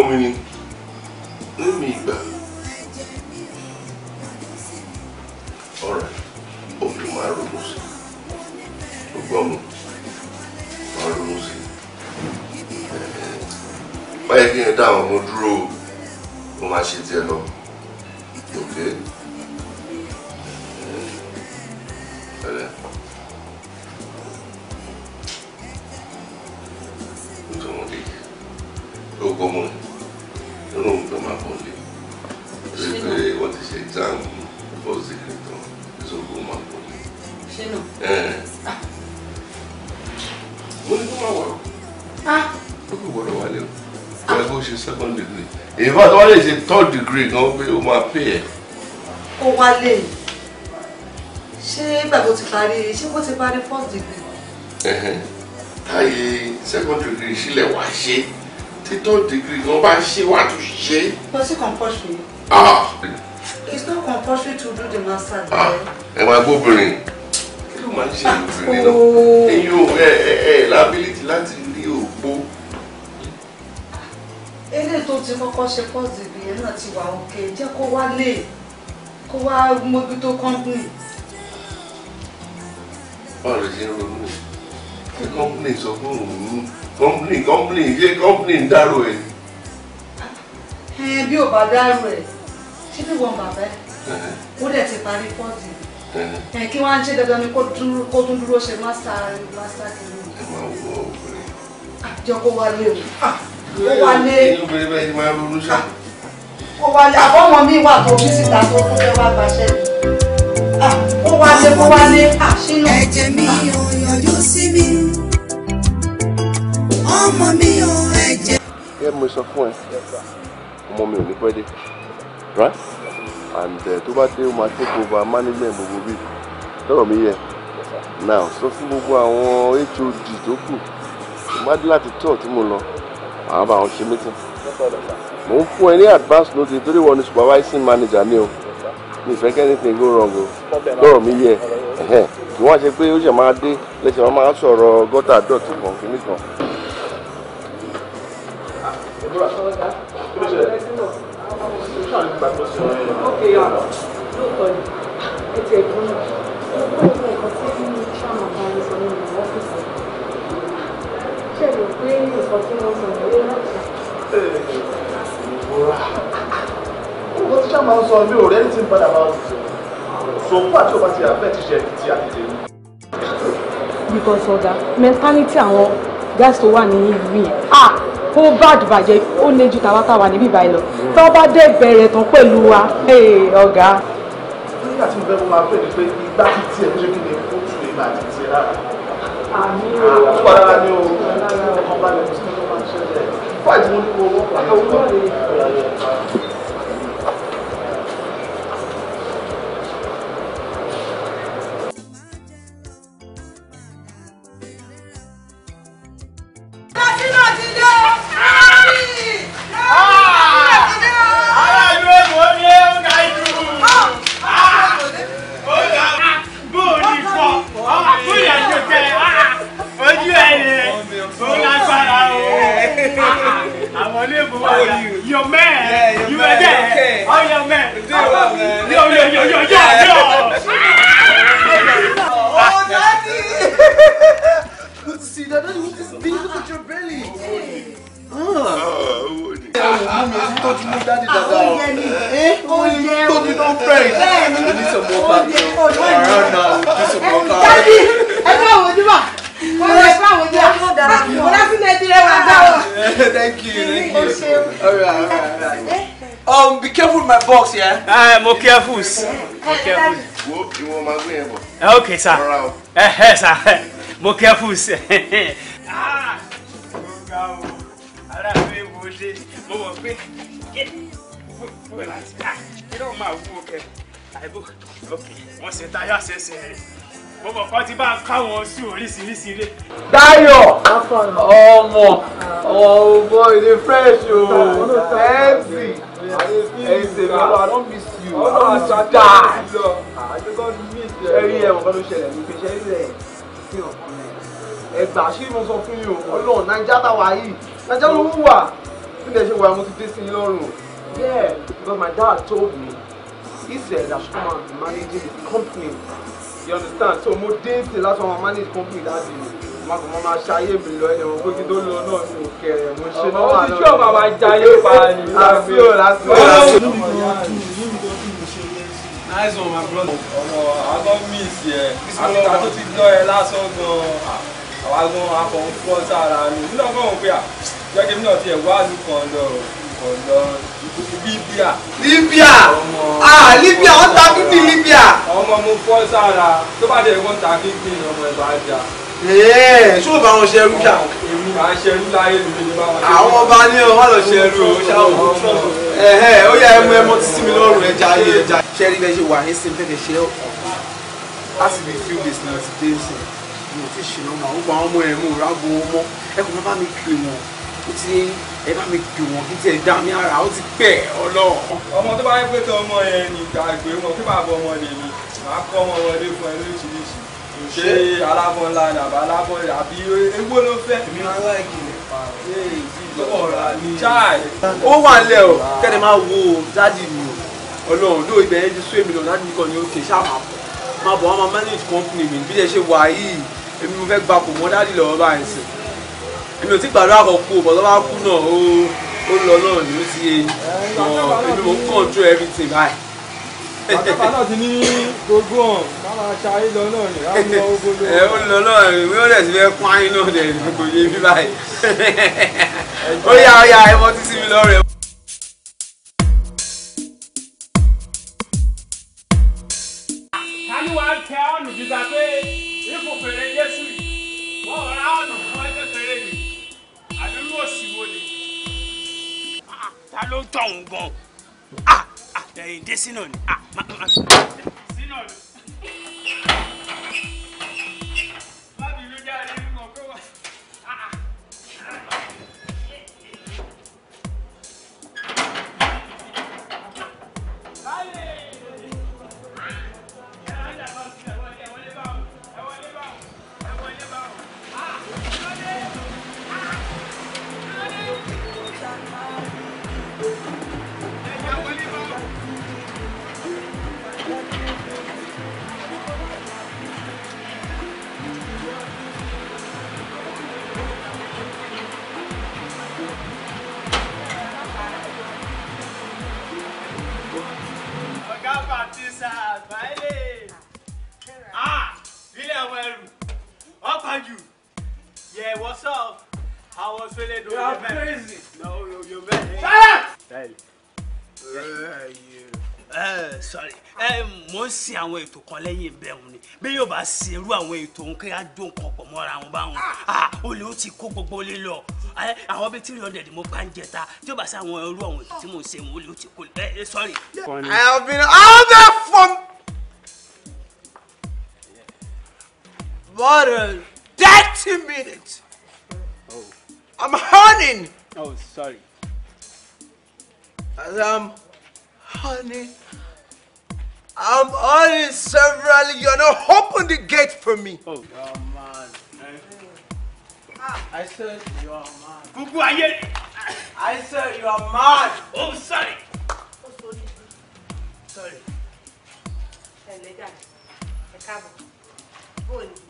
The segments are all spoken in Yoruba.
one minute agree gan pé o máa pay ẹ. ó wá lè ṣé ìgbà tó ti parí ṣé kó ti parí first degree. táyé second degree sílẹ̀ wá ṣe tí third degree gan bá ṣe wà tó ṣe. lọ sí compulsory. ah. it's not compulsory to do the master degree. Ah! Eh? ẹ máa gbóbìnrin kí ló máa ń ṣe ìbìnrin ah, náà eyín oh. ò ẹ ẹ lábílí. ti kọ́kọ́ ṣe pọ́ọ̀sì ibi yẹn náà ti wà òkè jẹ́ kó wá lè kó wá mójútó kọ́ńpìnì. ọ̀rọ̀ ṣe ń ronú ṣé kọ́ńpìnì sọ fún òun kọ́ńpìnì kọ́ńpìnì ṣé kọ́ńpìnì ń dárò ẹ̀. bí ò bá dárò ẹ̀ ṣé bí wọn bàbá ẹ̀ ó dẹ̀ ti parí pọ́ọ̀sì kí wọ́n á ṣe dandan ni kó tún dúró ṣe mástà mástà ẹ máa wọ ọkùnrin. àjọkọ ah, wa lé o. Ah! Ah, ó wà lé ó wà lé àbọ̀mọ̀ mi wà tó bí síta tó tó fẹ́ wá gbaṣẹ́ mi ó wà lé ó wà lé àṣínú. ẹ̀jẹ̀ mi ah. ò yọjú sí mi ọmọ mi ò ẹ̀jẹ̀. ẹ mo sọ fún ẹ ọmọ mi ò ní pẹ́ dé right and eh, tó bá dé ó máa take over management gbogbo bíi lọ́rọ̀ mi yẹ now sọ fún gbogbo àwọn hod tó kù ìmádìí láti tọ̀ tí mo lọ àwọn bá wọn ṣe meeting mo ń fún ẹ ní advance notice torí wọn ni supervising manager mi o mi fẹ́ kẹ́ anything go wrong o lọ́rọ̀ mi yẹ ẹ̀hẹ́n kí wọ́n ṣe pé ó ṣe máa dé lẹ́sẹ̀ wọn máa sọ̀rọ̀ gọ́tà dọ̀tí kan kìíní kan. Okay, yeah. máa ń sọ mi ò rẹ́ni tí ń padà máa ń sọ ṣòkú àti òbá ti àfẹ́ ti ṣe ti àtẹ̀tẹ̀ mi. because ọ̀gá mentality àwọn guys tó wà ní ìlú yẹn ah ó bad bàjẹ́ ó lé ju tàwa táwa níbí ìbàyìí lọ tó bá dé bẹ̀rẹ̀ tán pẹ̀lú wa ọ̀gá. nígbà tí mo fẹ́ mo máa pè ní pé igbá ti tiẹ̀ ló ṣe kí ni ó tún lè máa ti tiẹ̀ rárá. àmì ò ọ̀pọ̀ rárá ni o ọ̀pọ̀ rárá ni o ọ̀pọ̀ rárá ni o fáìtì mo ní kó o wọ́pọ̀ àyẹ̀wò náà àwọn olóògùn wà lá your man yeah, you were there oh your man yo yo yo yo yo yo. Oh, oh daddy good to see you daddy look this big look at your belly. Tọ́jú Oh dáàdì Oh o. Ah, oh tóbi eh? Oh ń Oh Bẹ́ẹ̀ni, Oh ojú Oh náà. Oh ẹ Oh wo Oh bá. Oh lè Oh wo Oh bá. thank you, thank you. Alright, alright, alright. Um, be careful with my box, yeah? I'm ah, more careful. More careful. you want my way, Okay, sir. Alright. Eh, eh, sir. More careful. Ah! Ara fi wo ṣe, mo mọ̀ pé kí ah, ló máa wú I Àìbò, ok, wọ́n ṣe táyà ṣẹ̀ṣẹ̀ rẹ̀ bọ́bọ̀ kan ti bá a káwọn sí oríṣiríṣi ilé. Dayọ̀ ọmọ ọmọ ilé fresh o ẹ̀ẹ́sì ẹ̀ẹ́sì mi lọ I don miss you I don miss you die. ẹ̀rí ẹ̀wọ̀n kan ló ṣẹlẹ̀ ní ìgbésẹ̀ ilẹ̀ sí mo sọ fún yín o ọlọ́run naija táwa yìí naija ló ń wà bí ẹ ṣe wà mo ti dé sí yín lọ́rùn yeah because my dad told me he said I should come and manage the company you understand so mo dé sí láti wọn manage company láti mo kò mọ máa ṣayé mi lọ ẹni wọn gbógi tó lọ náà mi ò kẹrẹ mo ṣe náà wà náà. ọmọ ojú ọba jayé pa ni. àfi ò láti ò láti. nice one my brother. ọmọ àgọ́ miss yẹ àgbà tó ti gbọ́ ẹ lásán gan-an àwa gan akọ̀ ń fọ́ sára mi nínú ọgọ́rùn-ún pé à jẹ́ kí mi náà tiẹ̀ wá àlùkò ọ̀dọ̀ ọ̀dọ̀. Libya. Libya ah Libya wọ́n ta kí ní Libya. ọmọ mo fọ́ sára tó bá dẹ̀ wọ́n ta kí ní ọmọ ẹ̀ bá jà. ẹ̀ẹ́ ṣó bá wọn ṣe ẹrú ṣá. èmi máa ṣe ẹrú láyé mi ní bá wọn ṣe. àwọn ọba ní ọ wọn lọ ṣe ẹrú o ṣá o. ẹ̀ẹ́ ó yà ẹmu ẹmọ títí mi lọ́rùn ẹja ayé ẹja. ṣé rí bẹ́ẹ̀ ṣe wà ní sinmi fẹ́ẹ́ ṣe ọ̀kan láti fi few days náà ti dé sí mi ò tí ṣìnà mà ó ọmọ ẹ̀ mú rágbo ọmọ ẹ kò má bá mi kiri wọn ó ti ẹ bá mi pè wọ́n kí tiẹ̀ dá mi ara ó ti pẹ́ ọlọ́. ọmọ tó bá yẹ pé tó ọmọ yẹn ni gbàgbé wọn kí bàbá ọmọ lè mi màá kọ́ ọmọ wọlé fún ẹ lóríṣiríṣi ṣe alábọ̀ ńlá ni àbá alábọ̀ àbí egbò ló fẹ́. èmi máa ń wá ìkìlẹ̀ pa ọ̀rọ̀ ni. chai ó wà lẹ o kẹ́ni máa wo dáàdì mi o ọlọ́run ló ibẹ̀ ẹ́ ti sún èmi lọ dáàdì mi kàn ní òkè ṣáà máa bọ̀ máa bọ̀ wọ́n máa manage company mi bí ẹ ṣe wà yìí èmi mo fẹ́ gbapò mọ́ dáàdì lọ́wọ́ báyìí sìn èmi ò tí gbàdúrà kọ kú bọ̀ lọ́wọ́ kú náà ó ó lọ náà ní ti yé ọ̀ èmi mò ń control everything báyìí. àtàkà náà ti ní gbogbo ọ̀n bàbá ṣayé lọ náà ní láti lọ ogun ẹ ó lọ náà ìwé ọ̀rẹ́ ti fẹ́ pààyàn náà dẹ̀ kò yé mi báyìí. ó yá ó yá ẹ mọ títí mi lọ́rẹ̀ẹ́. gangan ah ah dẹ́sínà ni ah, ètò kan lẹ́yìn ìbẹ̀rùn ni bí yóò bá ṣe irú àwọn ètò òun kí á jó nǹkan pọ̀ mọ́ra wọn bá olè ó ti kó gbogbo lé lọ àwọn bíi three hundred mo bá ń jẹta tí yóò bá ṣe àwọn irú àwọn ètò tí mò ń ṣe wọn olè ó ti kó lé ẹ sọ́ọ̀rì. I've been out there for more than thirty minutes. Oh. I'm honing. Oh, sorry. As I'm hunting. I'm on it several. You're not open the gate for me. Oh, you're a man. Eh? Ah. I said you're a man. Gugu, I hear I said you're a man. Oh, sorry. Oh, sorry. Sorry.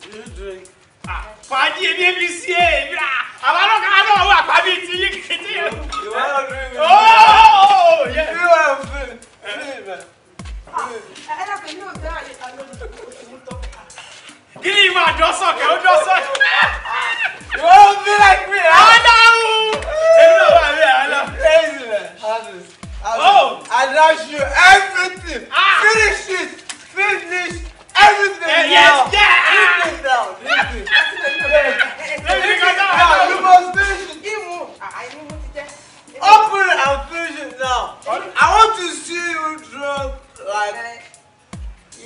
You doing? Ah, drink. Pàdí èmi èmi sí èmi à àwọn ọlọ́kàá náà wà pàbí ti You are Ìwà ọ̀dùn mi. Ooo yẹ. Ìwà ọ̀dùn mi kí ni ìmọ̀ àdọ́sàn kẹ́ ó dọ́sàn. wọ́n bí like me. aláwọ̀ eh? èmi náà wà mí àlọ́. crazy man. Oh. I love you everything. Ah. Finish it. Finish everything. Yeah, yes, now. yeah. Leave it down. Leave it. Leave it down. You must finish it. Imu. Ah, Open and finish it now. I want to see you drunk. like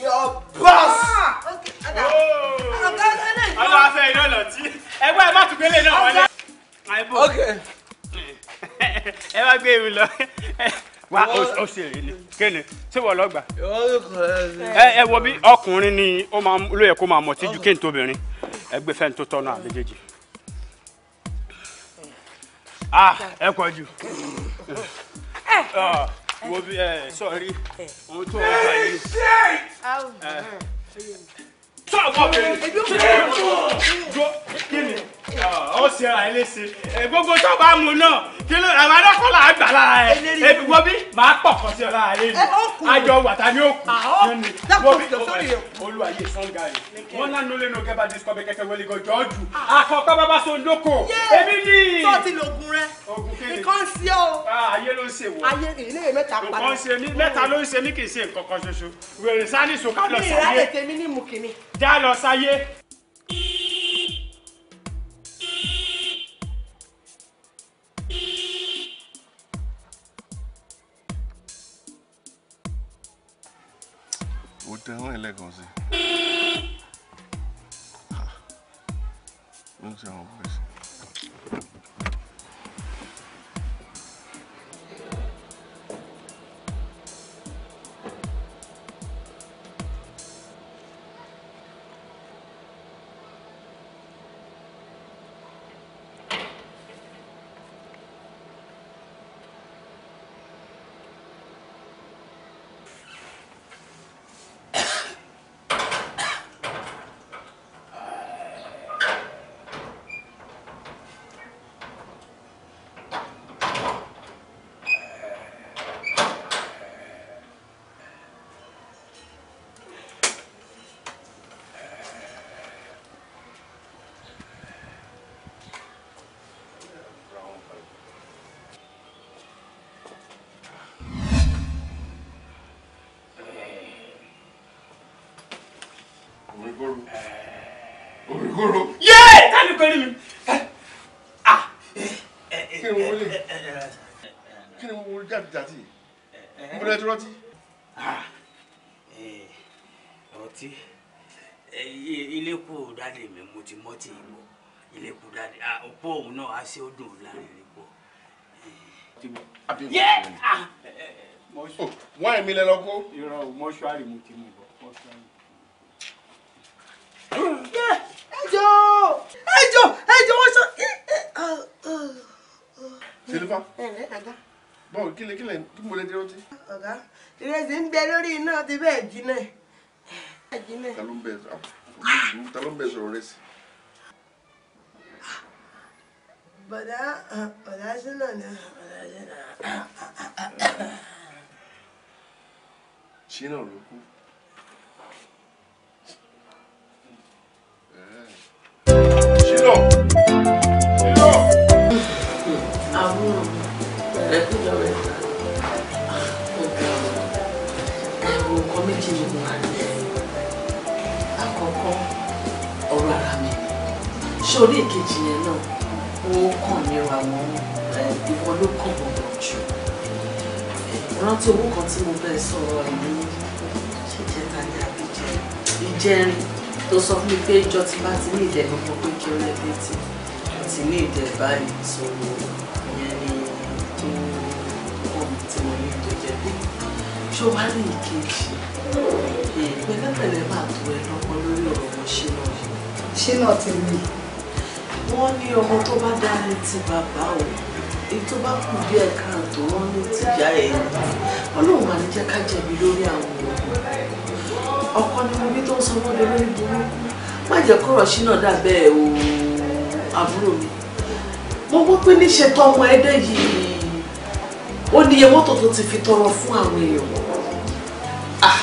your boss. ọ̀dọ̀ afẹ́ iná lọ tí ẹgbẹ́ ẹ má tún gbélé náà wọlé. ẹ má gbé ewu lọ wa o ṣe rí ni kéne ṣé wọ́n lọ gbà. ẹ eh, eh, wo bí ọkùnrin ni ó máa ló yẹ kó máa mọ̀ tíjú kéne tóbìnrin ẹgbẹ́ fẹ́ni tó tọ́nà àbẹ́jẹ́jì. ah ẹ kọjú. wo bi ẹ sọrí ohun tó ń bá yìí. tó àwọn obìnrin tó ń bọ̀ jọ ó ṣe ra eléṣe gbogbo tó bá mu náà kí ló àwọn adọ́kọ̀ là á gbà lára ẹ ebi wọ́n bí pọ̀ kọ́ sí ọ lára lé àjọ wàtá ni ó kù olùwàyè sanga yìí wọn náà ló lẹnu gẹba disco bẹ kẹkẹ wẹlẹ gọjọ ọdù àkọ́kọ́ bàbá so lóko èmi ni. tó ti lo rẹ nǹkan sí o. ayé ló ń ṣe wọ ayé ilé mẹ́ta padà nǹkan ṣe mí mẹ́ta ló ń ṣe mí kì í ṣe nǹkan kan wèrè sani sùn ká lọ sáyé. mi ìrálẹ̀ tèmi ní tẹ wọ́n ẹlẹ́kan sí. Ló ń ṣe òrìkòrò òrìkòrò. yéé tani pẹ̀lú mi. kí ni eh, wọ́n lè eh, eh, kí ni wọ́n jáde jáde mo lè dúró tí. Ah. ọtí ilé kù dáadé mi mo ti mọ́tì ìbò ilé kù dáadé ah, òpó òun náà á ṣe ó dùn láàrin ìbò. Ah. Oh, wọ́n ẹ̀mí lẹ lọ kó. irọ́ mọ́ṣúárì mo ti kílẹ̀ kílẹ̀ kí mo lè dé rántí. ọ̀gá ìrẹsì ń bẹ lórí iná ti bẹ́ẹ̀ jinná ẹ̀ jinná. ta ló ń bẹ ah, ta ló bọ̀dá ah, bọ̀dá sínú ni ah, bọ̀dá sínú. sínú ló kú. ṣé orí ìkejì yẹn náà ó kàn nira wọn ìwọ ló kàn bọ̀bọ̀ jù rántí owó kan tí mo bẹ́ẹ̀ sọ̀rọ̀ ìlú ṣèjẹta ní àbíjẹ ìjẹrin tó sọ fún mi pé ìjọ tí bá ti ní ìdẹ̀ kankan pé kí ó lẹ́gbẹ̀ẹ́ tí ti ní ìdẹ̀ báyìí sọ̀rọ̀ ìyẹn ni tó kàn mí tí mo ní tó jẹ́ bí ṣó wá ní ìkejì pẹ̀lẹ́pẹ̀lẹ́ máa tó ẹ lọ́pọ̀ lórí ọ̀rọ̀ ṣínà ṣínà tèmi wọ́n ní ọmọ tó bá dá ní ti bàbá o èyí tó bá kù bí ẹ̀ka tó wọ́n ní ti ìyá ẹ̀ ní ọlọ́run máa ní jẹ́ ká jẹ̀bi lórí àwọn ọmọ ọkọ ni mo bí tó ń sọ wọ́n lé lórí burúkú má jẹ́ kọ́rọ̀ sí náà dàbẹ́ o àbúrò mi mo gbọ́ pé níṣe tọmọ ẹdẹ yìí ó ní iye mọ́tò tó ti fi tọrọ fún àwọn èèyàn ah,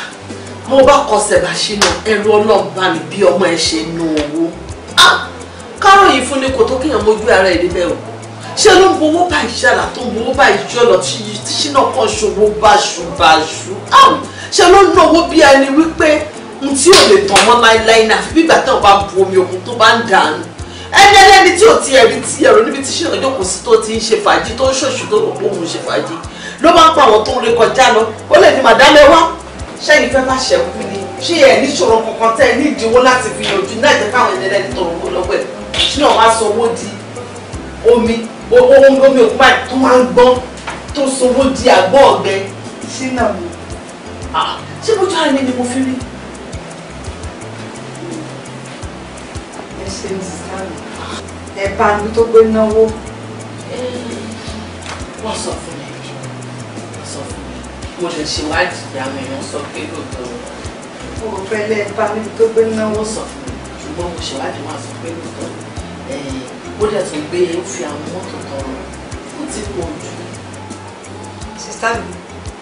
mo bá kọsẹ̀ bá ṣe ẹrù ọlọ́run mi bí ọmọ ẹ ṣe nu owó mojú ara ẹ̀ níbẹ̀ o ṣé ló ń bowó báyìí ṣàlà tó ń bowó báyìí ṣọlọ tí ṣínà kan ṣòwò báṣu báṣu ṣé ló ń náwó bí ẹni wípé n tí ò lè tàn mọ́ láéláé náà àfi bígbà tó bá bu omi òkun tó bá ń dànù ẹni ẹlẹ́ni tí ò ti ẹ̀rí tí ẹ̀rọ níbi tí ṣínà jókòó sí tó ti ń ṣe fàájì tó ń ṣòṣù tó rò pé òun ṣe fàájì ló máa ń pa àwọn tó ń ré kọjá lọ ó lè ní màdálẹ́ wá ṣẹ́yìn fẹ́ bá ṣẹ̀kú ni ṣé ẹ̀ níṣòro kankan tẹ́ ẹ ní ìdíwọ́ láti fi yanjú náà jẹ́ káwọn ẹlẹ́ni tọrọ owó lọ́wọ́ ṣínà wá sọ owó di omi omi òkú báyìí tó máa ń gbọ́n tó sowó di àgbọ̀ ọ̀gbẹ sínú àmì ṣé bójú ara mi ni mo fi rí. ẹ ṣe ń sáré ẹ eh, bá mi tó gbé náwó. wọ́n sọ fún mi wọ́n sọ fún mi mo lè ṣèwádìí àwọn èèyàn sọ pé lóòótọ́ o fẹ́ lẹ́ẹ̀ bá mi tó gbé náwó sọ fún mi ṣùgbọ́n mo ṣèwádìí wọn sọ pé lóòótọ́ ó dẹ̀ tún gbé ó fi àwọn mọ́tò tọrọ ó ti pọ̀ jù. sista mi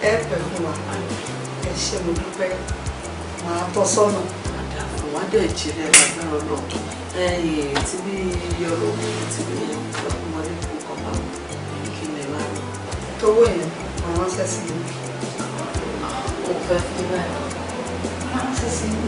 ẹ pẹ̀lú wa ẹ ṣe mo dúpẹ́ màá tọ́ sọ́nà. àwa dẹ̀ jìnnà lágbára náà ẹyìn tí bí yọrọ tí bí ọmọdé kò kọ́ bá kí ni máa lọ. tówó yẹn màá ránṣẹ́ sí i. mo fẹ́ fi báyìí. màá ránṣẹ́ sí i.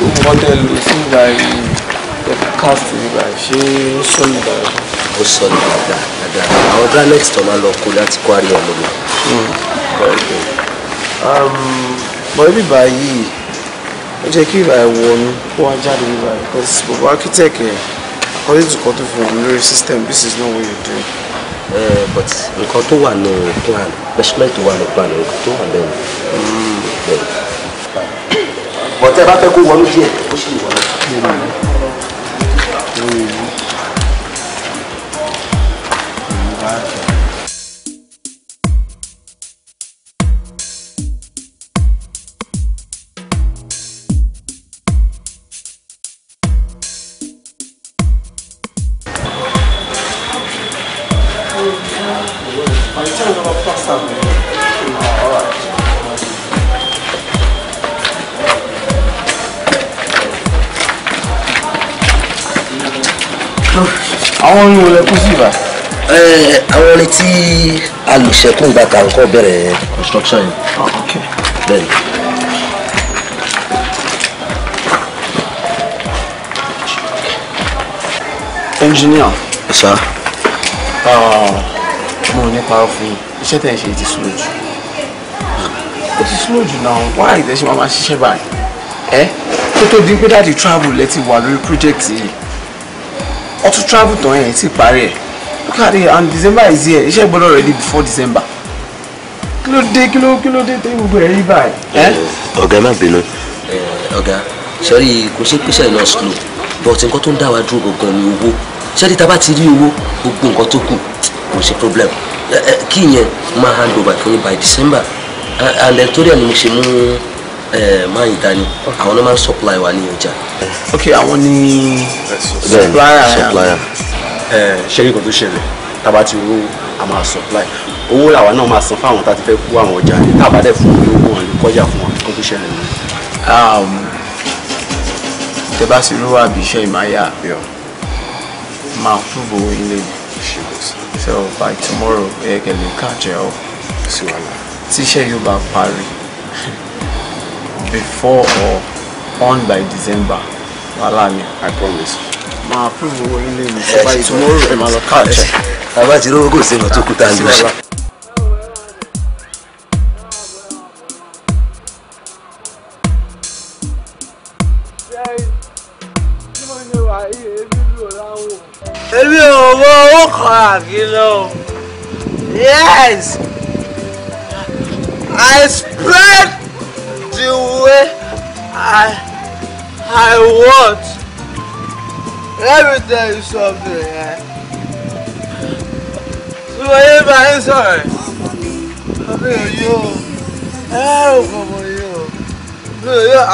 nǹkan tẹ lò sí ìgbà yìí cast ìgbà ṣé ó sọnù dáadáa. ó sọnù dáadáa dáadáa àwọn dialect tó máa lọ kó láti kó àríyàn ló lọ. bọ̀ ibi báyìí ó jẹ́ kí ìgbà ìwọ̀nù kó wá jáde nígbà yìí because bàbá architect yẹn according to kọ́tù fún wọn lórí system this is not what you do. Uh, but nǹkan tó wà ní plan measurement tó wà ní plan nǹkan tó wà lẹ́nu bọ̀tẹ́ bá fẹ́ kó wọnú díẹ̀ ó sì wọnú. àwọn orin wo lẹ kú sí ibà. àwọn orin tí alùsẹ̀kùn ìgbà kan kọ́ bẹ̀rẹ̀ construction yìí. Ah, okay. bẹ́ẹ̀ni. engineer. sá. Ah, mo ní parọ́ fún yín iṣẹ́ tẹ̀ ń ṣe ti slow jù ó ti slow jù náà why ìdẹ́sẹ̀ máa ma ṣiṣẹ́ báyìí ẹ́ kó tó di pé dáàdi travel lẹ́tì wà lórí project yìí ọ travel tán ẹ̀ ti parí ẹ̀ look at it and December is here iṣẹ́ gbọ́dọ̀ ready before December kí ló dé kí ló kí ló dé tó gbogbo ẹ̀ rí báyìí. ọ̀gá má bínú ọ̀gá sọ́rí kò ṣe pèsè lọ slow but nǹkan tó ń dá wa dúró gangan ni owó sẹ́ni tá a bá ti rí owó gbogbo nǹkan tó kù kò ṣe problem kí yẹn máa hand over fún yín by December and then torí ẹ̀ ni mo ṣe mú máa yìí dání àwọn náà máa ń supply wa ní ọjà. ok àwọn ni supplier supplier. ṣé nǹkan tó ṣẹlẹ̀ tábà ti rú a máa supply owó làwa náà máa san fáwọn tá a ti fẹ́ kó àwọn ọjà ní tábà dẹ̀ fún mi owó wọn ló kọjá fún wa nǹkan tó ṣẹlẹ̀ ni. Um, tẹ́ bá sì rú àbí iṣẹ́ ìmáyà máa prove owó ilé mi so by tomorrow ẹ kẹ́ lè catch up tí iṣẹ́ yóò bá parí before or on by December wàhálà ni. I promise. máa approve owó ilé mi ṣe báyìí tomorrow ẹ máa lọ káàkiri. bàbá ti rówó kò sí ọ̀nà tó kú tá a lò. èmi ò mọ yes I spread the way I I want. Let me tell you something. Eh? Sùgbọ́n bá ń sọ̀rọ̀ mi ò yó ẹ̀rù kan mo yó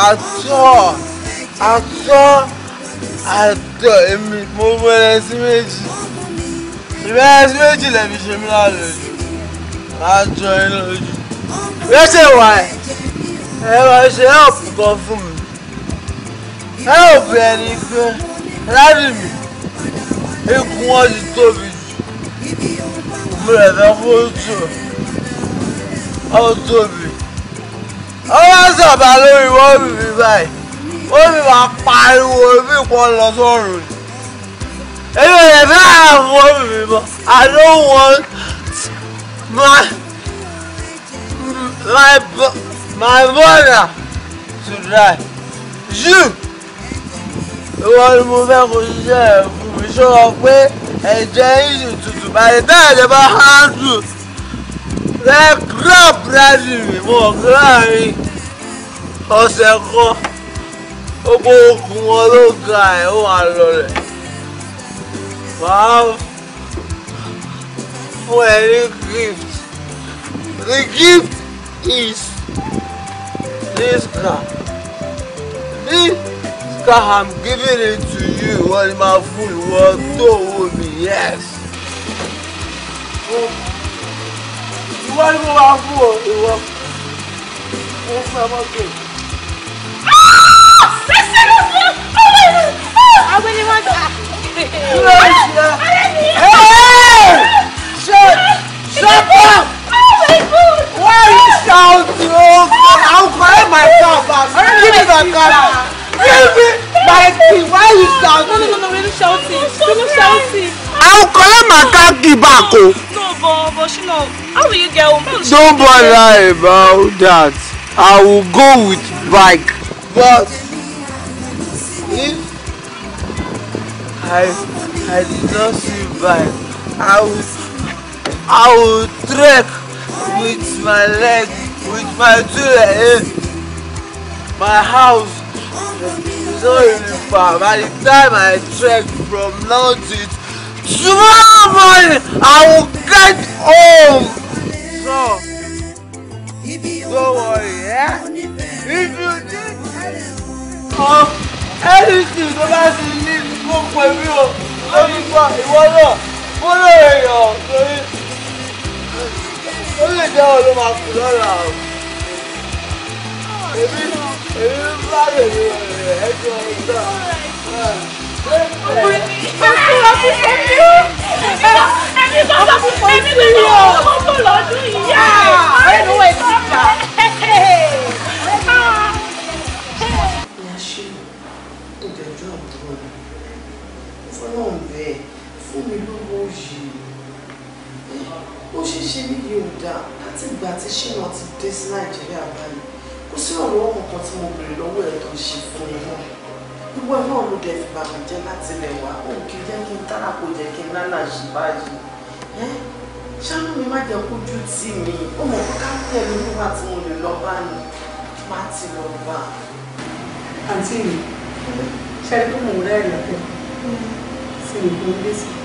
I saw, I saw, I àtọ́ èmi mo bẹ̀rẹ̀ sí méjì ìbẹ̀rẹ̀ sí méjì lẹ́bi ṣe mí lálejò àjọ join. lójú. Where's the wife? ẹ máa ṣe ẹ̀ọ̀pù kan fún mi ẹ̀ọ̀pù ẹni pé láti mi ikùn wọn ti tóbi jù mo rẹ̀ fẹ́ kó tù ọ́ tóbi ó wá sọ̀bà lórí wọ́n mi fi báyìí wọ́n mi máa pariwo bí kan lọ sọ́run ni èmi ò lè fẹ́ àwọn wọ́n mi fi bọ́ I don't want my my. My brother should die. You! Ìwọ ni mo fẹ́ kó ṣiṣẹ́ ẹ̀kú mi ṣọ́ra pé ẹ̀jẹ̀ yìí tutù báyìí tá ẹ̀jẹ̀ bá hándù. Lẹ́gbẹ́ búrẹ́dì mi mo kí láàrin ọ̀sẹ̀ kan. Gbogbo okùn wọn ló ga ẹ̀ ó wà lọlẹ̀. Màá fún ẹ ní gift. The gift is This car. This car, I'm giving it to you. What is my food? What do told me? Yes. You want to go out for it? Yes, I'm okay. Ah! Seriously? Oh my God! Oh! I really want that. Hey! Shut! Shut up! Why are you shouting? Oh God, I'll collect my car back. Give me my car back. Give me my key. Why are you shouting? No, no, no, no, we're shouting. We're not shouting. I'll collect my car back. Oh. No, but, but you know, how will you get home? Don't bother about that. I will go with bike. But if I I do not see bike, I will I will trek with my leg, with my two legs, my house. So far. By the time I trek from London to tomorrow morning, I will get home. So, don't worry, yeah? If you think of anything tó bá ti ní kó pẹ̀lú o, lórí pa ìwọ náà, fọ́lọ́ èèyàn lórí ó lè jẹ́ ọ ló máa kú lọ́la o èmi èmi ló bá lè ní ọ̀rẹ́ ẹ jọ ọ̀rọ̀ Fọlọ́run bẹ́ẹ̀ fún mi lówó yìí ó ṣe ṣe ní yorùbá láti ìgbà tí ṣínà ti dé sí nàìjíríà báyìí kò sí ọ̀rọ̀ ọmọ kan tí mo béèrè lọ́wọ́ ẹ̀ tó ń ṣe fún mi náà ìwọ náà ló dẹ̀ fi bà mí jẹ́ láti lẹ̀ wá ó kì í jẹ́ kí n tára kó jẹ́ kí n nánà ṣe báyìí ṣáánú mi má jẹ́ kójú tì mí ó mọ̀ kó káńtẹ̀ mi nígbà tí mo lè lọ bá ní má ti lọ bá. àǹtí mi ṣe é pé mò ń rẹ́rìn-ín ọ̀tẹ̀ hmm. sí ìgbóhùn lẹ́sìn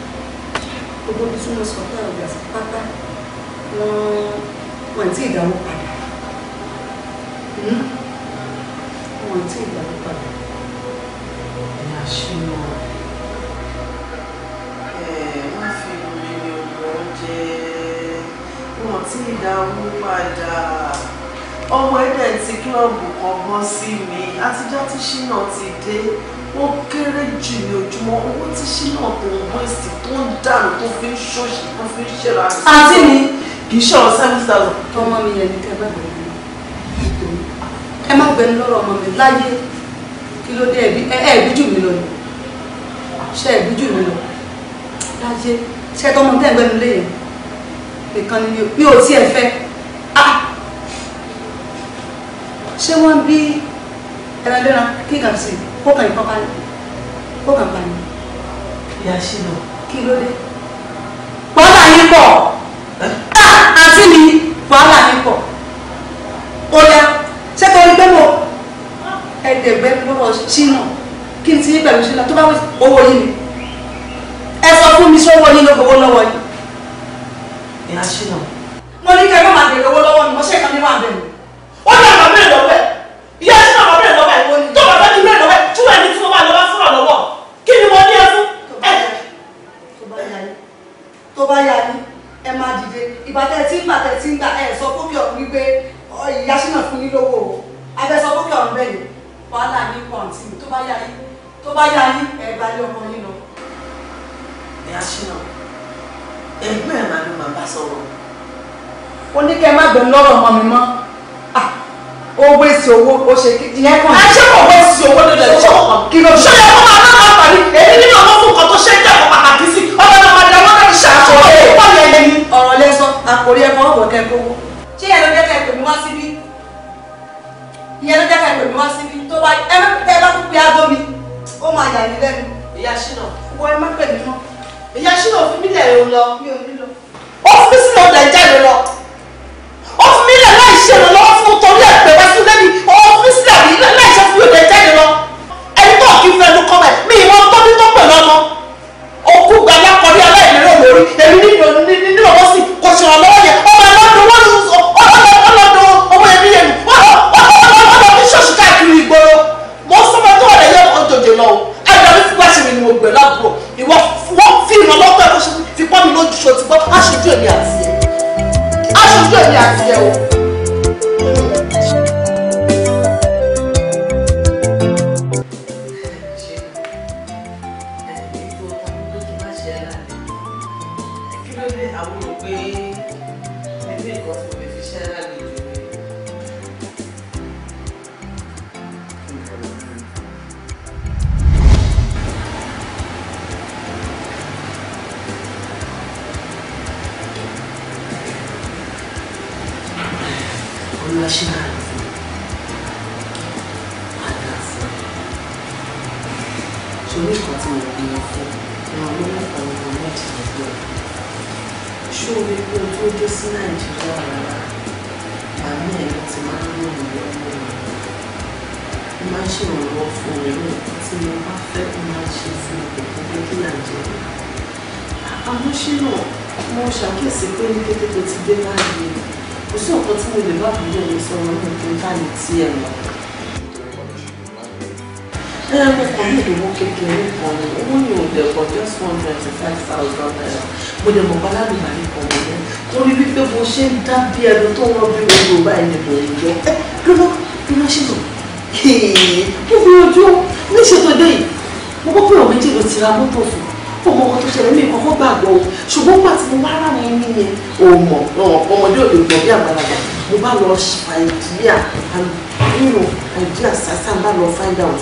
gbogbo ibi tí wọ́n sọ pé àwọn ìgbà sí pátá wọ́n wọ́n ti ìdáwó padà hmm? wọ́n ti ìdáwó padà ẹ̀yà ṣínú wọ́n fi ìrìn ọ̀wọ́ jẹ wọ́n ti ìdáwó padà ọmọ ẹ̀dẹ̀ ti kílọ̀bù kan bọ́ sí mi àtijọ́ tí ṣínà ti dé ó kéré jù ní ojúmọ́ owó tí ṣínà tó ń wéèsì tó ń dànù tó fi ń ṣòṣì tó fi ń ṣẹlẹ̀ àti. àti mi kì í ṣọ̀rọ̀ seven thousand. ọmọ mi yẹn ni kẹfẹ́ bẹ̀rẹ̀ mi nítorí ẹ má gbẹnu lọ́rọ̀ ọmọ mi láyé kí ló dé ẹ̀bí ẹ̀ ẹ̀bí jù mí lọ ni ṣe ẹ̀bí jù mí lọ láyé ṣe tọmọ tẹ́ gbẹnu lé yẹn nìkan ni mi ò tiẹ̀ fẹ́ ṣé wọ́n bí ẹran lẹ́ran kí n kà sí i kó kàn kọ́ kalẹ̀ kó kàn pa ni. ìyá ṣì lọ. kí ló dé. wàhálà yín pọ̀ ah, àǹtí mi wàhálà yín pọ̀ ó dá ṣé kò rí pé mo ẹ̀ẹ́dẹ̀gbẹ́ mi lọ́wọ́ ṣínà kí n ti ní pẹ̀lú ṣínà tó bá owó yín ni ẹ sọ fún mi sọ́wọ́ yín ló gbowó lọ́wọ́ yín. ìyá ṣínà. mo ní kẹ́ ẹ má máa bèrè owó lọ́wọ́ mi mo ṣe é kan ní wàá bẹ̀rù ó dàgbà bẹ́ẹ̀ lọ́wọ́ ẹ̀. bá yá yín ẹ máa dìde ìbàtẹ́ tí ń gbà tẹ́ tí ń gbà ẹ sọ fókè ọ̀hún wípé ìyá ṣínà fún yín lówó o abẹ́sọ fókè ọ̀hún bẹ́ẹ̀ ni wàhálà yín pọ̀ǹtì tó bá yá yín tó bá yá yín ẹ bá lé ọkọ yín lọ. ìyá ṣínà ẹgbẹ́ ẹ̀ máa ló máa bá sọ̀rọ̀. ó ní kẹ́ ẹ má gbẹ̀mí lọ́rọ̀ ọmọ mi mọ́ ó wé sí owó ó ṣe ìyẹn kan. ẹ ṣé kò wé sí owó ló lè tó kí ló ṣe. ṣé ẹ kó máa náà máa pàdé èyí nínú ọmọ fún kan tó ṣe é jẹ́ ọ̀pọ̀ pàtàkì sí ọlọ́dún ṣàkóso pọ̀ lẹ́nu ọ̀rọ̀ lẹ́sọ àkórí ẹ̀fọ́ ọ̀wọ̀ kẹ́kọ̀ọ́. ṣé ìyẹn ló jẹ́ ká ìpè mí wá síbí ìyẹn ló jẹ́ ká ìpè mí wá síbí tó bá ẹ má tẹ ẹ bá tún pe aago mi ó máa yà mí lẹ́nu ìyá ṣínà wọ ẹ má pè mí mọ́ ìyá ṣínà òfin mi lẹ̀ ẹ̀ lọ mi ò nílò ó fi mí sílẹ̀ ọ̀dà ìjáde lọ ó fi mí lẹ̀ láì ṣe ìrànlọ́wọ́ fún torí ẹ̀ pé wá sí lẹ́bi ó fi mí sílẹ̀ láì ṣe fún ọ̀dà ìjáde lọ ẹni tó kí fẹ́ ló kọ́ mẹ́ mi ìwọ tó ní tó pè lọ́mọ òkú gbàdá kọrí alá lórí èmi ní nínú ọwọ́ sí kò ṣe wọn lọ́wọ́ yẹn ọmọ ẹ̀rọ ọdún wọn lù ọlọ́dún ọmọ ẹ̀mí yẹn ọlọ́dún ní ṣọ́ọ̀ṣì káàkiri ìgboro mo sọ́mọ tó wọlé yẹ ọ̀n jòjò lọ o àgbàdo fún gbàṣẹ̀rẹ̀ ni mo gbẹ̀ lábúrò ìwọ wọ́n fi ìrànlọ́gbọ̀ ẹ̀ mi lójú ṣo ti gbọ́ aṣojú èmi àti ẹ̀ aṣojú èmi àti ẹ̀ o. mo dẹ̀ mọ̀ bálá mi màlẹ́ kọ̀ wọ́n lẹ́nu torí wípé mo ṣe ń dá bí ẹnu tó wọ́n bí ojú ọba ẹni bò ń jọ ẹ lọ́wọ́ bí wọ́n ṣe lò mo fi ojú níṣẹ́ tó dé yìí mo kọ́ pèrò méjì ló ti ra mọ́tò fún fún ọmọ kan tó ṣẹlẹ̀ mí kọ́kọ́ gbàgbọ́ o ṣùgbọ́n pàtí mo wá rà wọn ní yẹn o ọmọdé ò lè bí àgbàlagbà mo bá lọ ṣàìdíà àìdíà sásà bá lọ find out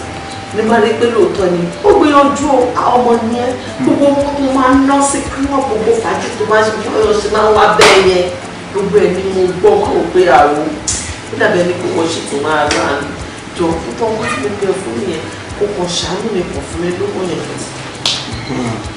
ní bá rí pé lóòótọ́ ni ó gbìyànjú ọmọ ni ẹ gbogbo mo máa ń ná sí kí wọ́n gbogbo fàájì tó máa ń ṣe ọyọ sí máa ń wá bẹ́ẹ̀ yẹn gbogbo ẹ̀ ni mo gbọ́ kó pé àrò ó dàbẹ̀ ní kò wọ́n sì tó máa rà ní jọ púpọ̀ wọ́n ti gbé fún mi yẹn kó kàn ṣàánú mi kàn fún mi lówó yẹn.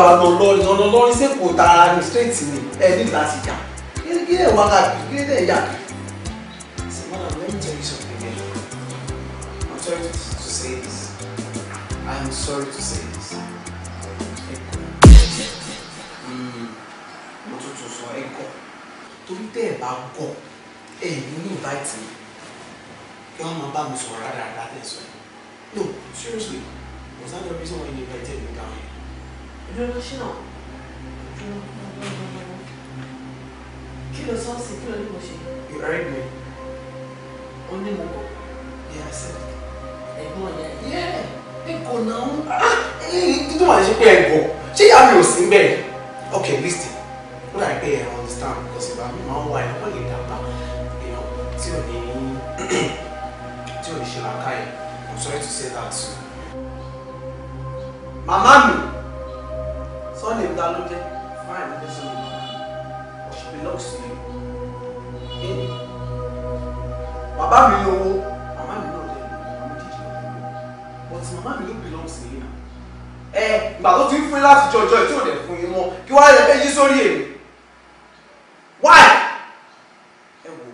gba ọ̀nà ọlọ́rin ọ̀nà ọlọ́rin sẹ́kọ̀ọ́ tààrà ní straight ni ẹ láti jà kí lè wá káàkiri kí lè yà kí. let me tell you something I'm sorry to say this. I'm sorry to say this. Hmm. Mo tún tún sọ ẹ kọ́. Torí tẹ́ ẹ bá kọ́, ẹ ní ní invite mi. Kí wọ́n máa bá mi sọ̀rọ̀ rárá rárá tẹ̀sán. No, seriously, was that the reason why you invited me down here? dúró ṣínà kí ló sọ sí kí ló ní mo ṣe. you married me. o ní mo bọ̀. yeah i said. ẹ̀gbọ́n yẹn. yeah èkó náà. dídùn wà ṣe pé ẹ gbọ́ ṣé ìyá mi ò sí bẹ́ẹ̀. okay listen ó dàbí pé ẹ understand because if I'm máa ń wá ẹ̀ wọ́n lè You know, till the till tí ò ní i'm sorry to say that. màmá mi. Sunday ta ló jẹ́ fine person but she belongs to you. Eh? Bàbá mi ní owó, màmá mi náà lẹ́nu, àwọn jíjìn but màmá mi ló belong to you. Ẹ eh, ìgbà tó ti ń fún yín láti jọjọ tí ò dẹ̀ fún yín mọ́ kí wàá lè fẹ́ yí sórí èmi. Why? Ẹ wo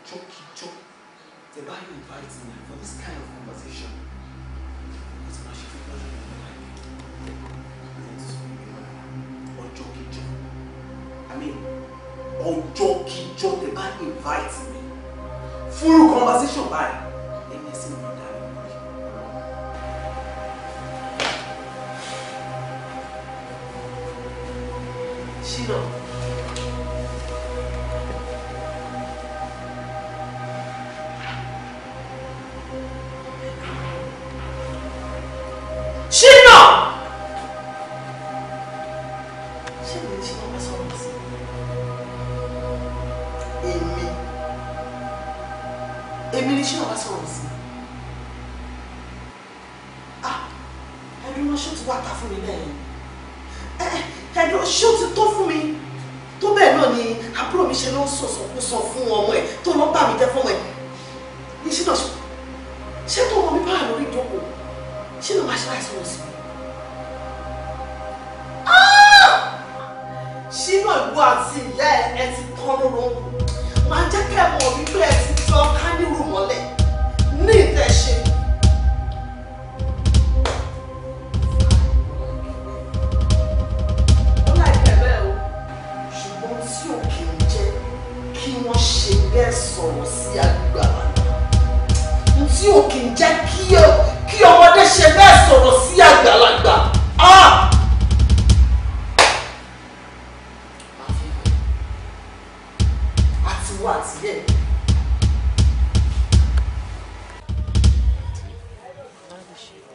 ọjọ́kíjọ́ tẹ̀ bá yóò invite me for this kind of conversation. Wọ́n ti máa ṣe fún ọjọ́kíjọ́ tẹ bá invite mi fúrú conversation báyìí ẹni ẹsẹ̀ mi dá kà fún mi bẹ́ẹ̀ ẹni ṣé ó ti tó fún mi tó bẹ́ẹ̀ náà ni àbúrò mi ṣe ló ń sọ̀sọ̀ kó sọ fún ọmọ ẹ̀ tó lọ́ bà mí jẹ́ fún ọmọ ẹ̀ ní sínú ọ̀sùn ṣé tó ọmọ mi bá wà lórí ìjókòó ṣé ló máa ṣe láìsí wọn sí i. Ah! sínú ìlú àti ìyá ẹ ti tán lóru máa jẹ́ kẹ́ ẹ mọ̀ wípé ẹ ti sí àgbàlagbà ah. àti wà sílẹ̀.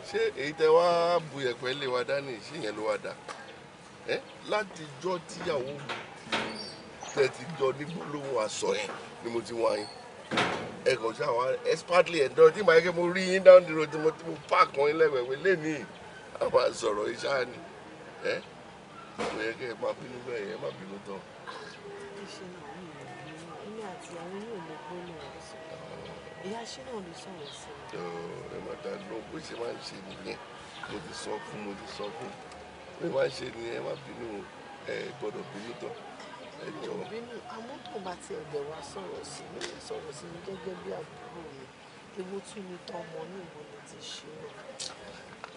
ṣé èyí tẹ wá bu yẹ̀pẹ̀ lé wa dání ṣé ìyẹn ló wá dà ẹ látijọ́ tíyàwó mi tẹ ti jọ ní gbólóhùn aṣọ yẹn ni mo ti wá yín ẹ kàn ṣe àwọn expertly ẹ̀dọ́ tí màá kẹ́ mo rí yín down the road mo ti mo park wọn lẹ́wẹ̀wẹ̀ lẹ́nìí àwọn àsọ̀rọ̀ iṣẹ́ ni ẹ kò yẹ kẹ́ ẹ máa bínú bẹ́ẹ̀ yẹn má bínú tán. èmi àti àwọn yóò lè gbóná ọ̀sán ìyá ṣé náà lè sọ̀rọ̀ sí i. ẹ má dá lọ bó ṣe máa ń ṣe nìyẹn mo ti sọ fún mo ti sọ fún bó máa ń ṣe nìyẹn má bínú ẹ gbọ́dọ̀ bínú tán èmi ò bínú amótò bá ti ẹ̀dẹ̀ wá sọ̀rọ̀ sí mi sọ̀rọ̀ sí mi gẹ́gẹ́ bí àbúrò mi ewu tún ní tọmọ ní ìwọ ni ti ṣe o.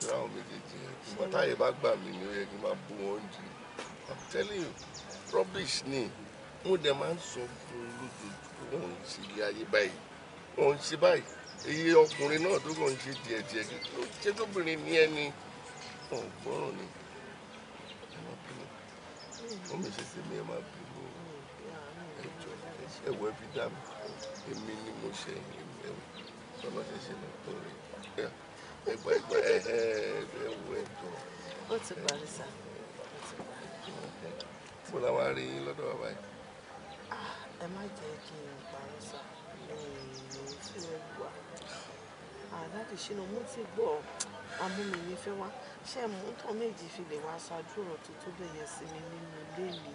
láwọn méjèèjì yẹn ìgbà táyé bá gbà mí ni ó yẹ kí n máa bú wọn dì i'm telling you rubbish ni mo dẹ̀ máa ń sọ fún olójoojúmọ́ wọn ò sì lé ayé báyìí wọn ò ṣe báyìí èyí ọkùnrin náà tó kàn ń ṣe díẹ̀díẹ̀ kí ló ṣe tóbìnrin ní ẹni ọ̀gbọ́n ni ẹ mi ṣe sí mi ẹ máa bínú ẹ̀wọ̀ ẹ fi dá mi èmi ni mo ṣe ẹ̀wọ̀ tọ́lọ́ ṣe ṣe lọ́tọ́ rẹ̀ ẹgbẹ́ ẹgbẹ́ ẹ̀wọ̀ ẹ̀jọ̀. ó ti parí sá. mo la wá rí yín lọ́dọ̀ bàbá yìí. Ah, ẹ má jẹ́ kí n parí sá mi ò fi ẹ wà àdáàdì ṣínú mo ti gbọ́ amúmiyín fẹ́ wá ṣé mú tán méjì fi lè wá aṣáájú ọ̀rọ̀ tó tó bẹ̀yẹ sí mi nínú ilé mi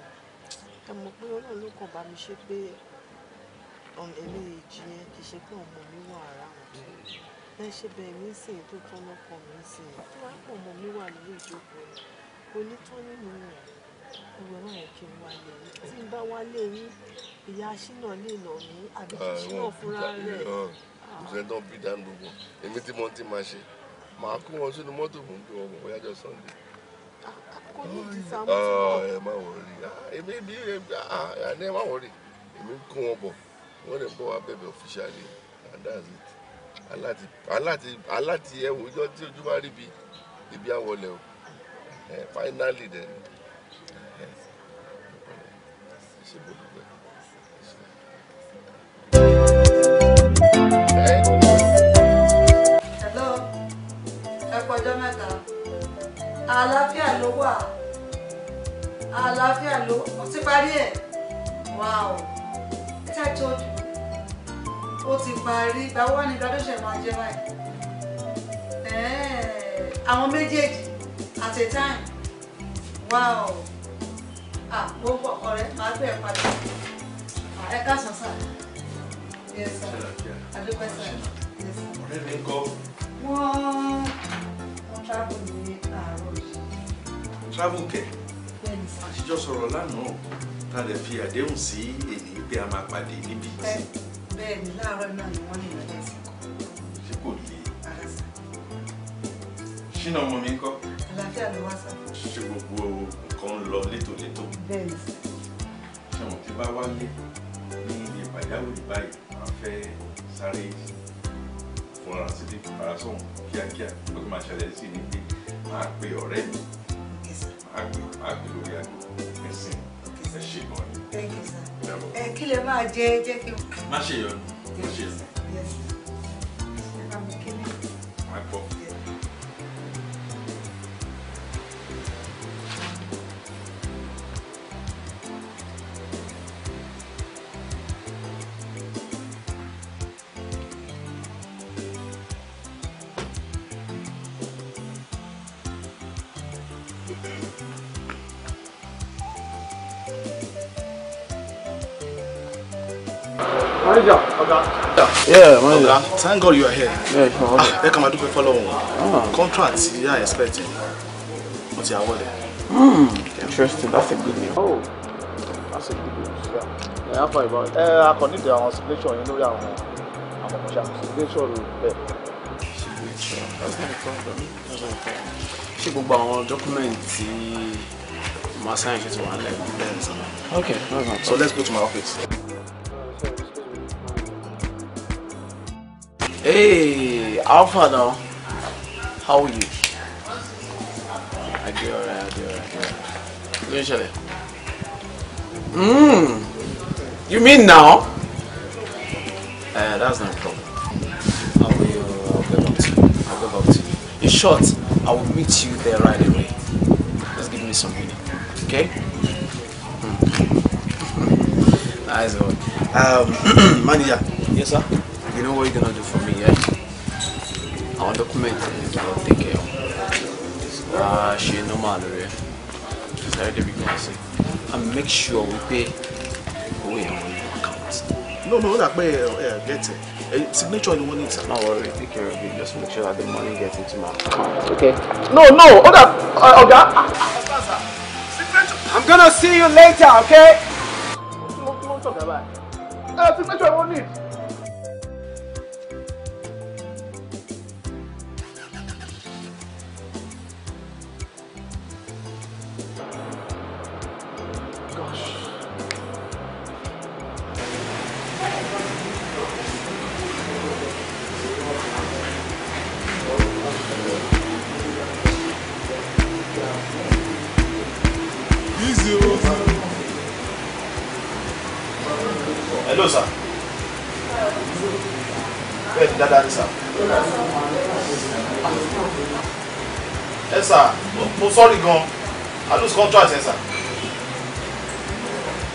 ẹ mọ̀ pé ọlọ́run ló kàn bá mi ṣe pé èmi ìjì yẹn kì í ṣe pé ọmọ mi wà around bẹ́ẹ̀ ṣe bẹ́ẹ̀ mí sì tó tán lọ́kàn mi sì tó wá pọ̀ ọmọ mi wà lórí ìjókòó ni onítọ́ nínú rẹ̀ ìwé náà yẹ kí n wálé yín tí n bá wálé yín ìyá ṣínà lè nà mí àbí kí ṣínà fúnra rẹ̀. kò sẹ́ni tó ń bí dánú gbogbo èmi tí mo ti máa ṣe màá kó wọn sínú mọ́tò mò ń gbé wọn bọ̀ yájọ́ sunday kó ní ìdí sáà ẹ má wọrí èmi ẹ má wọrí èmi kó wọn bọ̀ wọ́n lè bọ́ wa bẹ̀bẹ̀ officially aláti aláti aláti ẹ wò tí ojú wa rí bi ibi àwọlẹ̀ o ẹ finally then ẹ ṣe bó dúpẹ́. hello ẹ kọjọ mẹ́ta àlàáfíà ló wà àlàáfíà ló ó ti parí ẹ wáò. Wow settled ó ti parí báwo wá ní graduation máa jẹ báyìí àwọn méjèèjì at a time wow mo ń bọ̀ ọ̀rẹ́ màá gbé ẹ̀ padà ẹ káàsán sà yes sà adúpẹ́ sà yes sà. ọ̀rẹ́ mi kọ́. wọ́n wọ́n travel ní àárọ̀ yìí. travel kẹ̀ àtijọ́ sọ̀rọ̀ lánàá ta lè fi àdéhùn sí èyí pé a máa pàdé níbi tí. bẹ́ẹ̀ ni láàárọ̀ náà ni wọ́n ní ìrọ̀lẹ́ sí. ṣé kò le. ṣínà ọmọ mi ń kọ́. àlàáfíà ló wá sá. ṣé gbogbo nǹkan ń lọ létòlétò. bẹ́ẹ̀ ni. ṣé wọn ti bá wálé ní ìpàjáwìrì báyìí máa fẹ́ sáré fúnra sílé parasọ̀hún kíákíá ó ti máa ṣẹlẹ̀ sí ní pé máa pe ọ̀rẹ́ mi máa pe lórí àgbò nísìnyí ẹ ṣe gan ni. ẹ kí lè máa jẹ jẹ́ kí n. má ṣe yọnu má ṣe yọnu. Yeah, man. Ọ̀gá, thank God you are here. Yeah, sure. Ah, ẹ kàn máa dúpẹ́ fọ́lọ́ wọn. Ah. Contract tí I expect mo ti àwọ̀ hmm, Interesting, that's a good news. Oh, that's a good news. Ẹ á fọ ìbọn. Ẹ akọ̀ nídìí consultation. signature yẹn lórí àwọn àwọn ọmọ ṣáà signature bẹ́ẹ̀. Ṣé gbogbo àwọn dọ́kúmẹ̀ntì máa sáyẹ̀nsì ti wà lẹ́yìn? Okay, so let's go to my office. Hey, Alpha now. How are you? I do alright, I do alright. Ló ń Mmm. You mean now? Uh, that's not a problem. I will, I'll go back to you. I'll go back to you. In short, I will meet you there right away. Just give me some minute, okay? Hmm. nice one. Um, manager. Yes, sir? You know what you're gonna document is I'll take care of. Ah, ṣe normal rẹ. Sáré débi kan sí. And make sure wípé owó yẹn wọ́n No, no, ó dà eh, eh, get it. Eh, signature you wọ́n ní ìtàn. No worry, take care of it. Just make sure that the money gets into my account. Okay. No, no, ó dà ọ̀gá. I'm gonna see you later, okay? Signature you wọ́n ní. lose contract yẹn sà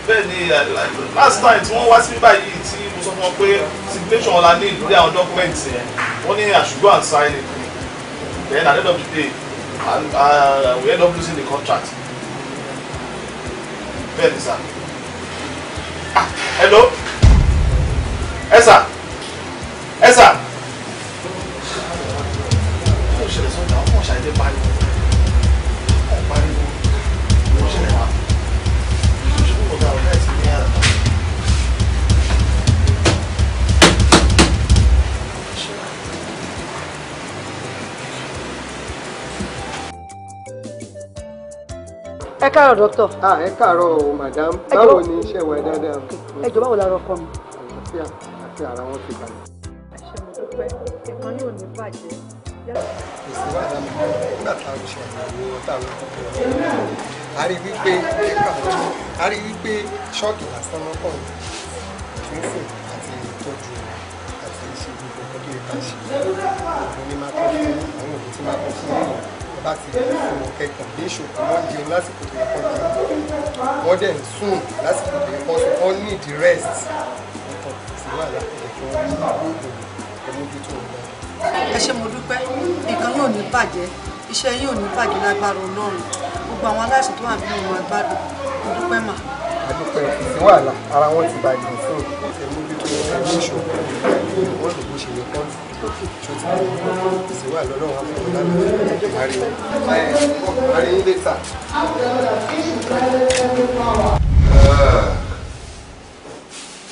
bẹ́ẹ̀ ni uh, last time tí wọ́n wá sí báyìí tí mo sọ fún wọn pé signature ọ̀la ní ìlú àwọn documents yẹn wọ́n ní àṣùgbọ́ and sign it then at the end of the day and, uh, we end up losing the contract bẹ́ẹ̀ ni sà ah, hello ẹ sà. káàárọ̀ dọ́tọ̀. à ẹ káàárọ̀ o madam báwo ni iṣẹ́ wa dáadáa. ẹ jọ báwo la rọ kọ́ mi. àlàáfíà àti ara wọn ti balẹ̀. àṣẹ mo dúpẹ́ ìkan yóò ní bàjẹ́. èsì wà lámì nígbà tá a ṣe àyẹ̀wò táwọn a rí wípé a rí wípé ṣọ́ọ̀kì lásán lọ́kàn fún fún àti ìtọ́jú àti ìṣègùn ìgbọ̀ngàn tó yẹ ká ṣe òun ni máa kọ́ àwọn òbí tí máa kọ́ bá ti di ìṣòro kẹkàn ní ìṣòro wọ́n jẹun lásìkò tó yẹ kó jẹun wọ́n dẹ̀ ń sùn lásìkò tó yẹ kó sùn wọ́n need rest ọ̀tọ̀ sí wàhálà ẹ̀jẹ̀ kí wọ́n ní ìgbóògùn ẹ̀mójútó ọ̀gá. ẹ ṣé mo dúpẹ́ nǹkan yóò ní bàjẹ́ iṣẹ́ yóò ní bàjẹ́ lágbára Ọlọ́run gbogbo àwọn aláìsàn tó wà nínú ọmọ ìgbàdùn mo dúpẹ́ mà. a dúpẹ́ kò sí wàhálà ara wọn ti bàjẹ́ fún ẹ̀mójútó ẹ̀mójútó ọ̀gá ìsìnwá lọ́dọ̀ wa fún ọ̀gá mi parí parí ilé ta.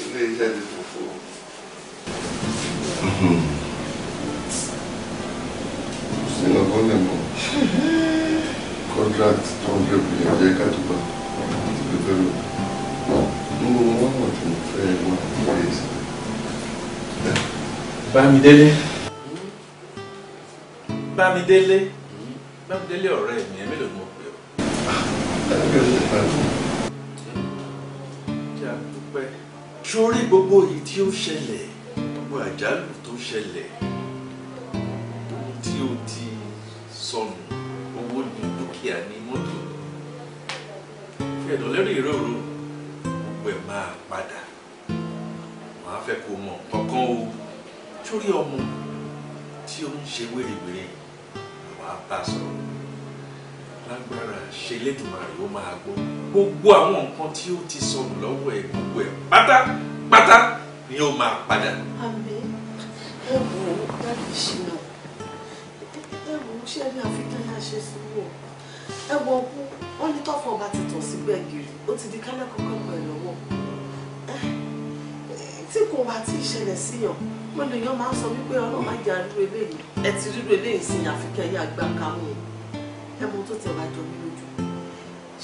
ilé iṣẹ́ ti fòfò. sínú bọ́lẹ̀ contract tó ń bẹ̀rù yẹn jẹ́ ká tó bá ti bẹ̀rẹ̀ lọ. mo Bámidélé Bámidélé Bámidélé ọ̀rẹ́ mi ẹ̀ mélòó ni mo pè ọ́. kí a dúpẹ́ sórí gbogbo èyí tí ó ṣẹlẹ̀ gbogbo àjálù tó ṣẹlẹ̀ tí ó ti sọnù owó ni dúkìá ní mọ́tò fẹ̀dọ̀ lẹ́rù ìrọ̀rọ̀ gbogbo ẹ̀ máa padà wọ́n á fẹ́ kó mọ̀ kankan o torí ọmọ tí ó ń ṣe wérewère àwa bá sọ̀rọ̀ lágbára ṣe lẹ́dùnmarè ó máa gbọ́ gbogbo àwọn nǹkan tí ó ti sọnù lọ́wọ́ ẹ̀ gbogbo ẹ̀ pátápátá ni ó máa padà. àmín ẹ dábì ìṣìnà ẹ wò ó àfikún yá ṣe síwò ẹ wọ ọkú wọn ní tọfọ ọba ti tàn sígbẹ gírí ó ti di kálẹ kọkọ pẹ tí kò bá ti ṣẹlẹ̀ síyàn gbogbo èèyàn máa ń sọ wípé ọlọ́run má jẹ́ àdúró eléyìí ẹ ti rírò eléyìí sí àfikẹ́ ẹ̀yà gbàǹkàmù ẹ mọ tó tẹ̀ bá jọ mí lójú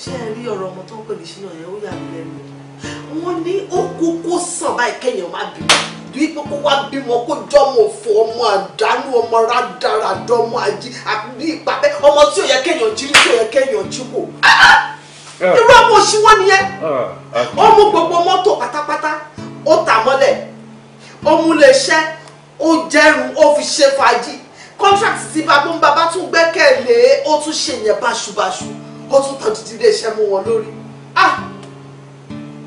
ṣé ẹ rí ọ̀rọ̀ ọmọ tó ń pè ní ṣínà yẹn ó yà mí lẹ́nu wọ́n ní ó kú sàn báyìí kẹ́yìn má bímọ bíi pé wá bímọ kó jọ ọmọ òfò ọmọ àdánù ọmọ rádaràdọ ọmọ àjí àbí ìpàpẹ ọmọ tí ò yẹ kẹ́yìn jí tí ò yẹ kẹ́yìn jí wò ah. irú ọmọ òṣìwọ́ nìyẹn ọmọ ah, ah. gbogbo mọ́tò pátápátá ó tà mọ́lẹ̀ ó múlẹ̀ iṣẹ́ ó jẹ́rùú ó fi ṣe fàájì contract tí bagbọ́n bàbá tún gbẹ́kẹ̀lé ó tún ṣe yẹn báṣubàṣu ó tún tọ́jú ti ilé iṣẹ́ mú wọn lórí ah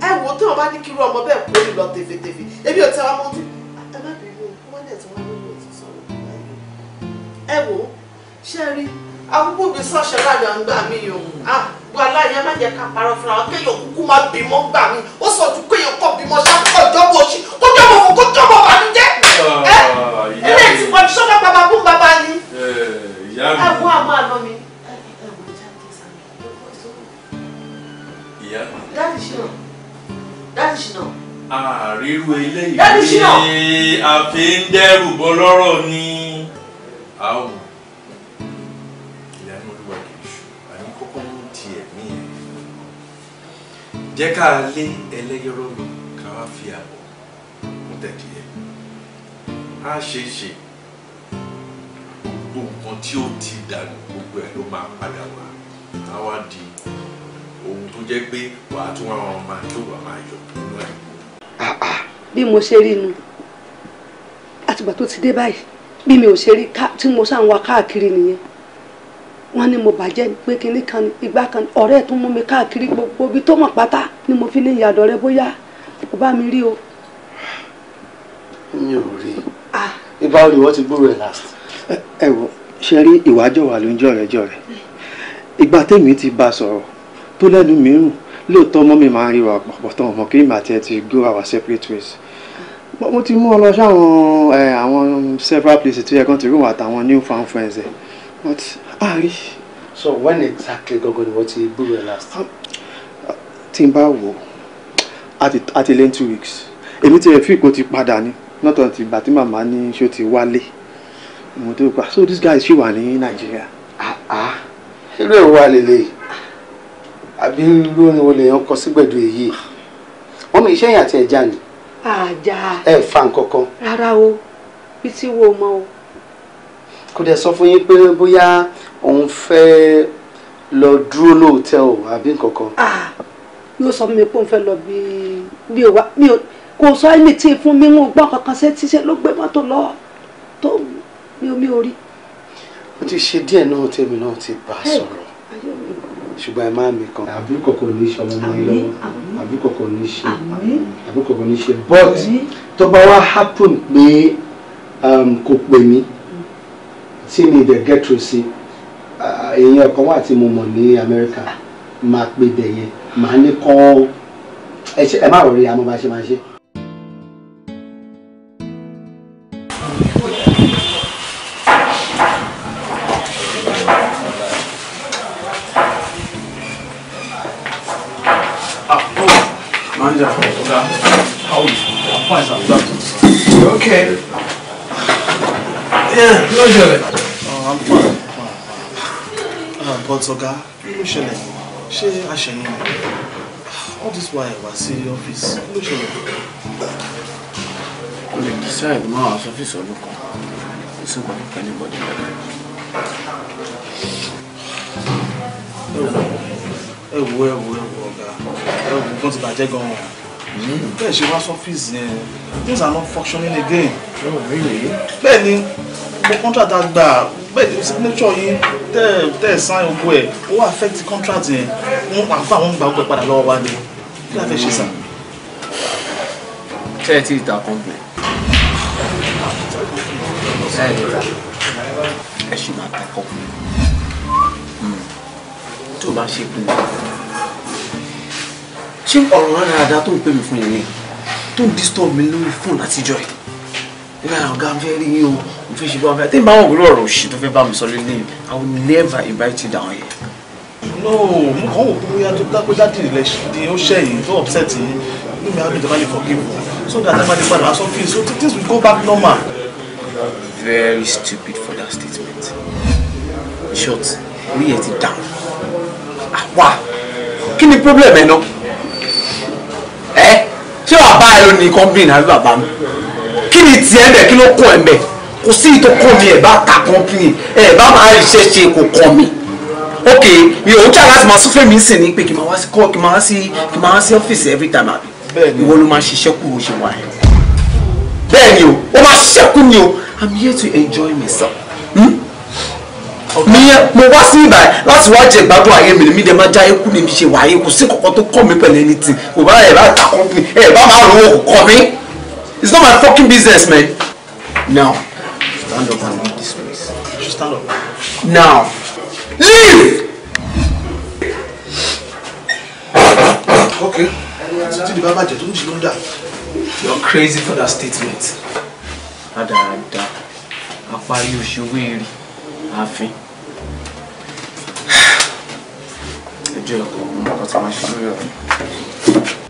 ẹ wo tí wọn bá ní kírú ọmọ bẹ́ẹ̀ kórè lọ tèfètèfè ebi ò tẹ wá mọ́tò ẹ má bínú wọn dẹ̀ tí wọ́n lórí òtún sọ̀rọ̀ ẹ wo ṣé rí i àkókò bíi sọ́ọ̀ṣì aláàdá ń gbà mí o àgbo aláàyẹ má jẹ́ ká parọ́ fúnra wọn kéèyàn kúkú máa bímọ gbà mí ó sọ ju kéèyàn kọ́ bímọ ṣáàkó ìjọba oṣù kó jọba òfò kó jọba ọba ní jẹ́ ẹ ẹ ẹ ti pọ̀ sọ́dọ̀ bàbá fún bàbá ni àgbo eh, àmọ́ àná mi. dáàdì àríwó eléyìí ni a fi ń dẹ́rù bọ́ lọ́rọ̀ ni a ò. jẹ́ ká lé ẹlẹ́yọ̀rọ̀ mi ká wá fi àbọ̀ mú tẹ̀díyẹ á ṣe é ṣe gbogbo nǹkan tí ó ti dànù gbogbo ẹ̀ ló máa padà wá á wá di ohun tó jẹ́ pé wàá tún àwọn ọmọ tó wà máa yọ nínú ẹ̀. bí mo ṣe rí nu àtìgbà tó ti dé báyìí bí mi ò ṣe rí tí mo ṣàǹwá káàkiri nìyẹn wọ́n ní mo bàjẹ́ pé kinní kan ìgbà kan ọ̀rẹ́ tó mú mi káàkiri gbogbo ibi tó mọ̀ pátá ni mo fi ní ìyàdọ̀ rẹ bóyá kò bá mi rí o. mi ò rí ibà ò ní wọ́n ti gbúrò ẹ̀ last. ẹ wo ṣe rí ìwájọ wà ló ń jọrẹ jọrẹ ìgbà tèmi ti bá a sọ̀rọ̀ tó lẹ́nu mìíràn lóòótọ́ mọ́ mi máa ń ríra pọ̀pọ̀ tán ọmọ kí màá tiẹ̀ ti go our separate ways mo ti mú ọ lọ sáwọn àwọn several places tó yẹ kán ti rúwà àtàwọn new found friends ẹ but àárí. so when exactly gangan ni wọ́n ti gbúrò ẹ̀ last. Um, tí n bá wò á ti lé two weeks èmi ti rẹ̀ fi ìpò ti padà ni nọ́tọ̀ ti gbà tí màmá ní ṣó ti wálé mo tó gbà ah, so this guy ṣì wà ní nàìjíríà. Ah, ah. irú ẹ̀ wà lélẹ̀ àbí irú ni wọ́n lè yan kọ sígbẹ̀dọ̀ èyí wọ́n mi iṣẹ́ yẹn àti ẹ̀já ni. àjà ẹ fa nǹkan kan. rárá o bí tí wo mọ o kò dẹ̀ sọ fún yín pé bóyá òun fẹ́ lọ dúró lóòótẹ́ẹ̀lì àbí nǹkan kan. yóò ah, sọ mi pé òun fẹ́ lọ bí mi ò wá mi ò kò sọ ẹni tí fún mi ń gbọ́n kankan ṣe ti ṣe ló gbé mọ́tò lọ tó mi ò mi ò rí. ó ti ṣe díẹ̀ náà tèmi náà ti bá a sọ̀rọ̀ ṣùgbọ́n ẹ máa mi kan. àbí kọ̀kọ̀ ní í ṣe ọmọ ọmọ yín àbí kọ̀kọ̀ ní í ṣe àbí kọ̀kọ̀ ní í ṣe but tó bá wá happen pé um, kò pè mí tí mi dẹ̀ get through sí èèyàn uh, kan wà tí mo mọ̀ ní Amẹ́ríkà máa pè bẹ̀ yẹn màá ní kán ẹ má rọrí àmọ́ bá ṣe máa ṣe. Ah, oh, okay. Yeah, no joke but ọ̀gá kí ló ṣẹlẹ̀ ṣé àṣẹyìn all this while wá sí ọ́fíìsì kí ló ṣẹlẹ̀. o lè decide mọ́ àwọn ọ́fíìsì ọdún kan kò sí nǹkan nípa anybody lẹ́nu. ẹ wo ẹ wo ẹ wo ọ̀gá ẹ wo kó ti bàjẹ́ gan-an hmm. bẹ́ẹ̀ ṣe wá sọ́fíìsì yẹn things are not functioning again. Oh, bẹ́ẹ̀ ni mo contract dá gbà bẹ́ẹ̀ signature yín tẹ́ tẹ́ sign gbogbo ẹ̀ ó affect contract yẹn wọ́n àfa àwọn gbà gbẹ padà lọ́wọ́ wa ni kí la fẹ́ ṣe sàn. ṣé ẹ ti ta complain ṣé ẹ ti ta ẹ ṣì máa ta complain hmm. tó bá ṣe pin ṣé ọ̀rọ̀ rẹ̀ dáadáa tó ń pè mí fún yẹn ni tó ń disturb mi lórí fóònù àtijọ́ ẹ̀ ìlànà ọ̀gá fẹ́ rí yín o mo fẹ́ ṣe bá mi àti ìbáwọn òwúrọ̀ ọ̀rọ̀ òṣì tó fẹ́ bá mi sọ lé lẹ́yìn I will never invite you down here. no mo kàn wò pé bóyá tó dápé dáàdì rẹ ni ó ṣe yìí tó upset yìí inú mi á dùn tó bá lè forgive you so that I might padà aṣọ fi so things will go back normal. very stupid for that statement in short orí ẹ ti down ah, àwa kí ni problem ẹ náà ẹ ṣé bàbá ẹ ló ní kọ́ńbìn àbí bàbá mi kí ni tiẹ̀ ń bẹ̀ kí ló kún ẹ̀ ń kò sí ìtò kọ́ mi ẹ̀ bá ta kọ́mpìnì ẹ̀ bá ṣe ṣe kò kọ́ ok ìyẹn òun ṣáà láti máa sún fèmí sí ni pé kì máa wá sí kọ́ kì máa wá sí kì máa wá sí ọ́fíìsì every time àbí ìwọ ló máa ṣiṣẹ́ kú o ṣe wà ẹ̀ bẹ́ẹ̀ ni o ó máa ṣiṣẹ́ kú ni o i'm here to enjoy myself. Hmm? mi mo wá sí ibà láti wá jẹ ìgbádùn ayé mi mi dẹ máa já ikú ni mi ṣe wáyé kò sí kọkọ tó kọ mi pẹ̀lú ẹni tí kò bá ẹ bá ta kọ mi ẹ bá máa rówó kọ mi it's not my fucking business man now stand up and leave this place. You should stand up. Now, leave! Okay. Títí bá bàjẹ́ tó ń jí ló You're crazy for that statement. Adàada, àparí òṣèwé èrè, ààfin. Ẹjọ́ ẹ̀kọ́, mo mọ̀ kọ́ tí máa ṣe lórí ọ̀rọ̀.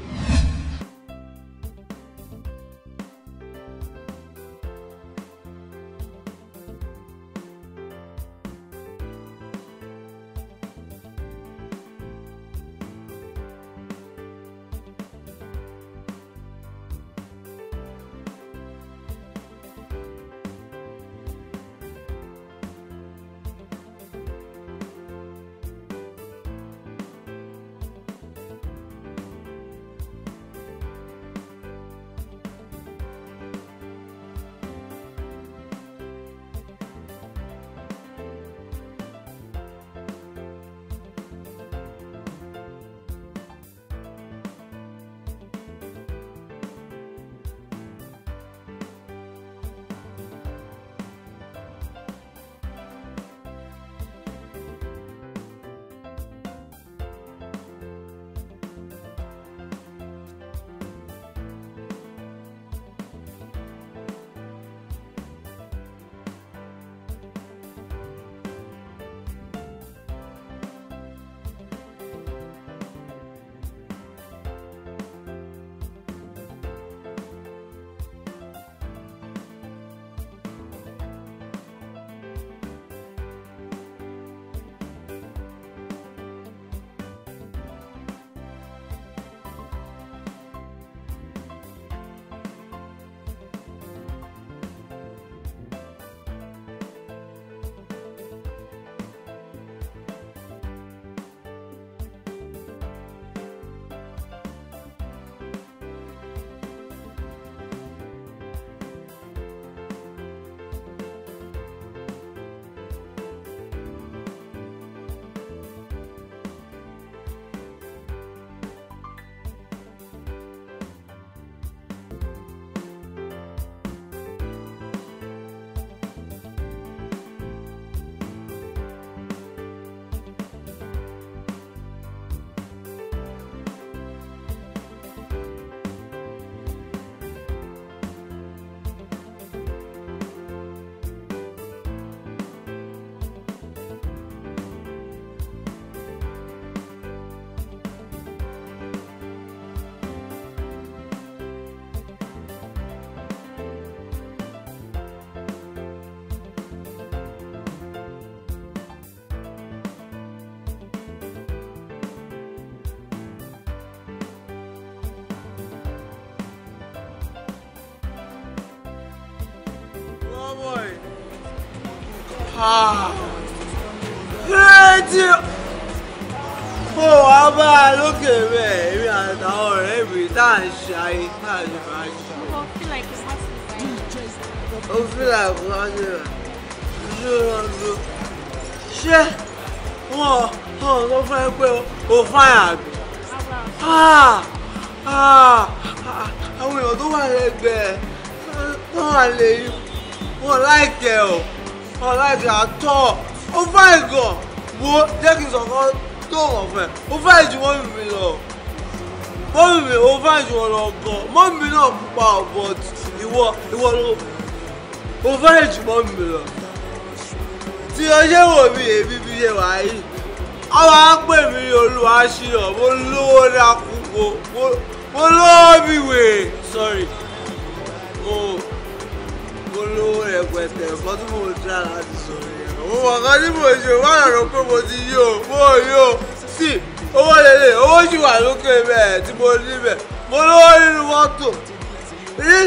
boy. Ah. Rédíò. Mo wá bá a lókè rẹ̀ èmi àtàwọn ọ̀rẹ́ mi tá à ń ṣe ayé tá à ń ṣe máa ṣe. Ó fi like wọ́n ti rẹ̀. Ó fi like wọ́n ti rẹ̀. Ló lọ lọ. Ṣé wọn ò sọ fún ẹ pé o fáyà àgbẹ̀? Àwọn èèyàn tó wà lẹ́gbẹ̀ẹ́ tó wà lẹ́yìn wọn láìkẹ́ o wọn láìkẹ́ àtọ́ ó fáì gan wo jẹ́ kí n sọ fún tó wọ̀ fẹ́ ó fáì ju wọ́n mi lọ mọ́mí mi ó fáì ju wọn lọ gan mọ́mí mi náà pupa ọ̀bọ̀ ìwọ ìwọ ló ó fáì ju mọ́mí mi lọ tí o ṣe wò mí èmi fi ṣe wà yìí àwọn àpè mi olúwa ṣìyàn mo lówó ní akúkò mo lówó mi wèé sorry Oh mo lówó rẹpẹtẹ ẹ̀kọ́ tí mo dá láti sọ̀rọ̀ yẹn mo mọ̀ kan tí mo ṣe wà lọ́rọ̀ pé mo ti yí o mo yí o sí owó lélẹ̀ owó sì wà lókè bẹ́ẹ̀ tí mo ní bẹ́ẹ̀ mo lówó nínú mọ́tò rí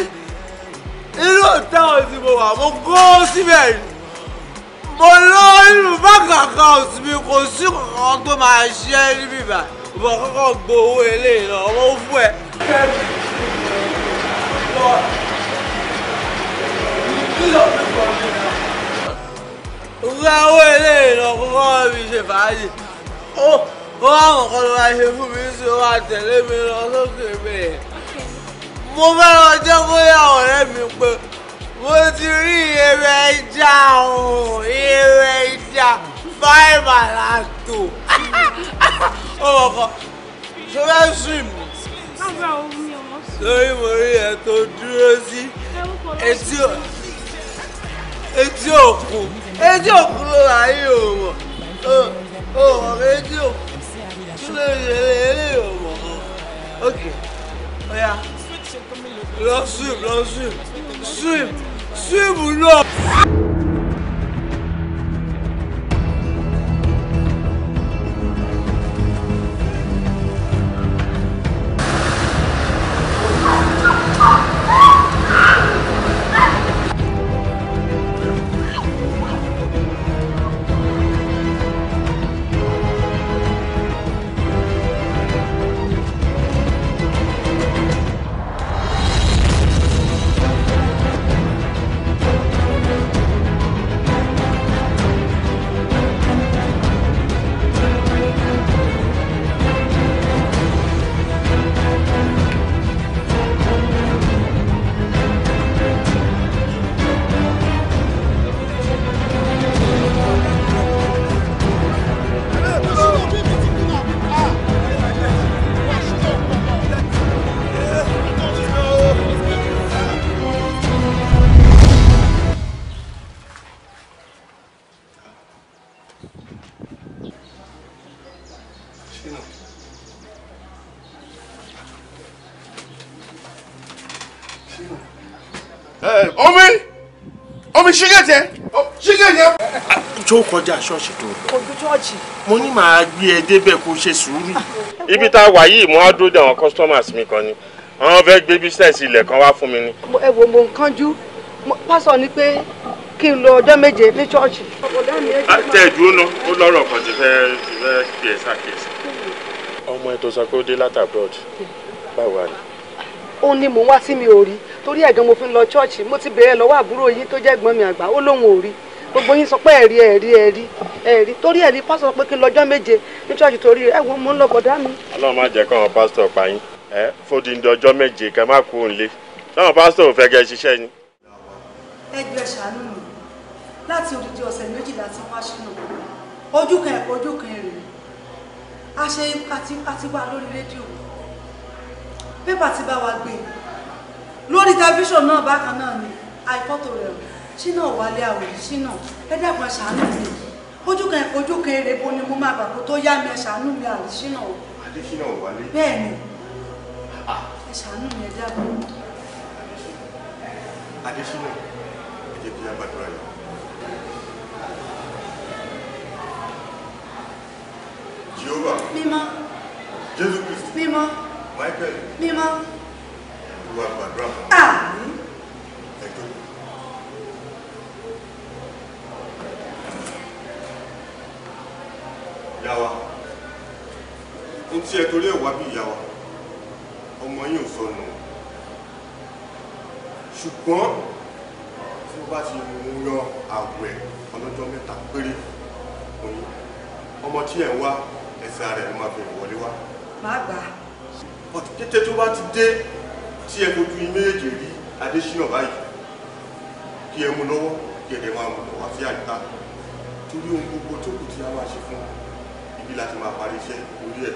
inú táwọn tí mo wà mo kó síbẹ̀ rí mo lówó nínú báńkì àkáǹtì mi kò sí kankan tó máa ṣe é níbí báyìí mo kọ́kọ́ gbowó eléyìí lọ owó fún ẹ. Ìgbàwó ilé ìlọ́kùn kọ́ mi ṣe fàájì. Ó wá àwọn kan ló máa ṣe fún mi sí ó máa tẹ̀lé mi lọ sókè bẹ́ẹ̀. Mo fẹ́ lọ jẹ́ bóyá ọ̀rẹ́ mi pé mo ti rí eré ẹja ọ̀hún eré ẹja fáìmà láàtò. Ó mọ̀ kan, ṣé o fẹ́ sùn mí? Lórí mo rí ẹ tó dúró sí etí ọ̀hún etí òkun etí òkun ló rà yí òmò òmò etí òkun kí ló lè lè òmò ok oya lọ swim lọ swim swim swim lọ. omi omi ṣígẹ̀tì ẹ ṣígẹ̀tì ẹ. tó kọjá ṣọ́ọ̀ṣì tó lọ. ojú ṣọ́ọ̀ṣì. mo ní màá gbé ẹ débẹ̀ kó ṣe sùúrù. ibi tá a wà yìí mo á dúró de àwọn customers mi kan ni àwọn fẹ́ gbé business ilẹ̀ kan wá fún mi ni. ẹ wo mo ń kánjú pásọ ni pé kí n lọ ọjọ́ méje ní ṣọ́ọ̀ṣì. tẹ ìdúró náà ó lọ́rọ̀ kan ti fẹ́ ti fẹ́ kí ẹ ṣàkíyèsí. ọmọ ètò sọ pé ó dé látàbọ̀d hmm. báwo ni. ó ní mò ń wá sí mi ò rí torí ẹ̀gán mo fi ń lọ ṣọ́ọ̀ṣì mo ti béèrè lọ́wọ́ àbúrò yín tó jẹ́ gbọ́n mi àgbà ó lóun ò rí gbogbo yín sọ pé ẹ̀rí ẹ̀rí ẹ̀rí ẹ̀rí torí ẹ̀rí pásítọ̀ pé kí n lọ́jọ́ méje ní ṣọ́ọ̀ṣì torí ẹ̀ wọ́n mú ń lọ bọ̀dá mi. ọlọ́run má jẹ́ káwọn pásítọ̀ pa yín ẹ fòdì ní ọjọ́ méje kẹ má kú òǹlé táwọn pásítọ̀ ò fẹ́ kẹ́ ṣiṣẹ́ ni. ẹgbẹ́ ṣàánú mi láti odidi ọ̀sẹ̀ méjìlá ti wá ṣínú ojú kan ẹ̀kọ́ ojú kan èrè a ṣe pátipátí wa lórí rédíò pépà ti bá wa gbé e lórí tẹlifíṣàn náà bákan náà ni àìfọ́tò rẹ̀ ṣínà wálé àwòrán ṣínà ẹ dàgbà ṣàánú mi ojú kan ojú kan èrè bo ni mo máa bàbá tó yá mi ẹ ṣàánú mi àrè ṣínà o. adéṣínà ò wálé. bẹ́ẹ̀ni ah. ẹ ṣàánú mi ẹ dàgbà. adéṣínà ẹ jẹ́ kí a gbàdúrà yìí. Jehovah. Mímọ́. Jésù Kristi. Mímọ́. Michael. Mímọ́ olúwa gbàdúrà fún mi. ẹ jókòó. ìyá wa n tí ẹ torí ẹ wá bí ìyá wa ọmọ yín ò sọnù ṣùgbọ́n tí ó bá ti mú yan àwẹ̀ ọlọ́jọ́ mẹ́ta péré oyún ọmọ tí ẹ̀ ń wá ẹsẹ̀ rẹ̀ ló máa fi wọlé wá. má gbà. ọ̀tí kété tó bá ti dé tí ẹ fojú yín méjèèjì rí adésínà báyìí kí ẹ mú lọ́wọ́ kí ẹ dẹ̀ máa mú lọ́wọ́ sí àyíká torí ohun gbogbo tó kù tí a máa ṣe fún wa ibi láti máa parí iṣẹ́ lórí ẹ̀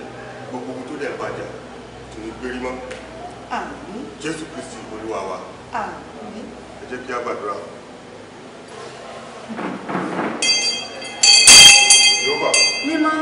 gbogbo ohun tó dẹ̀ bàjá tó ní gbérí mọ́. àmín. jésù kristi olúwa wa. ẹ jẹ́ kí a gbàdúrà. yóò bá. mímọ́.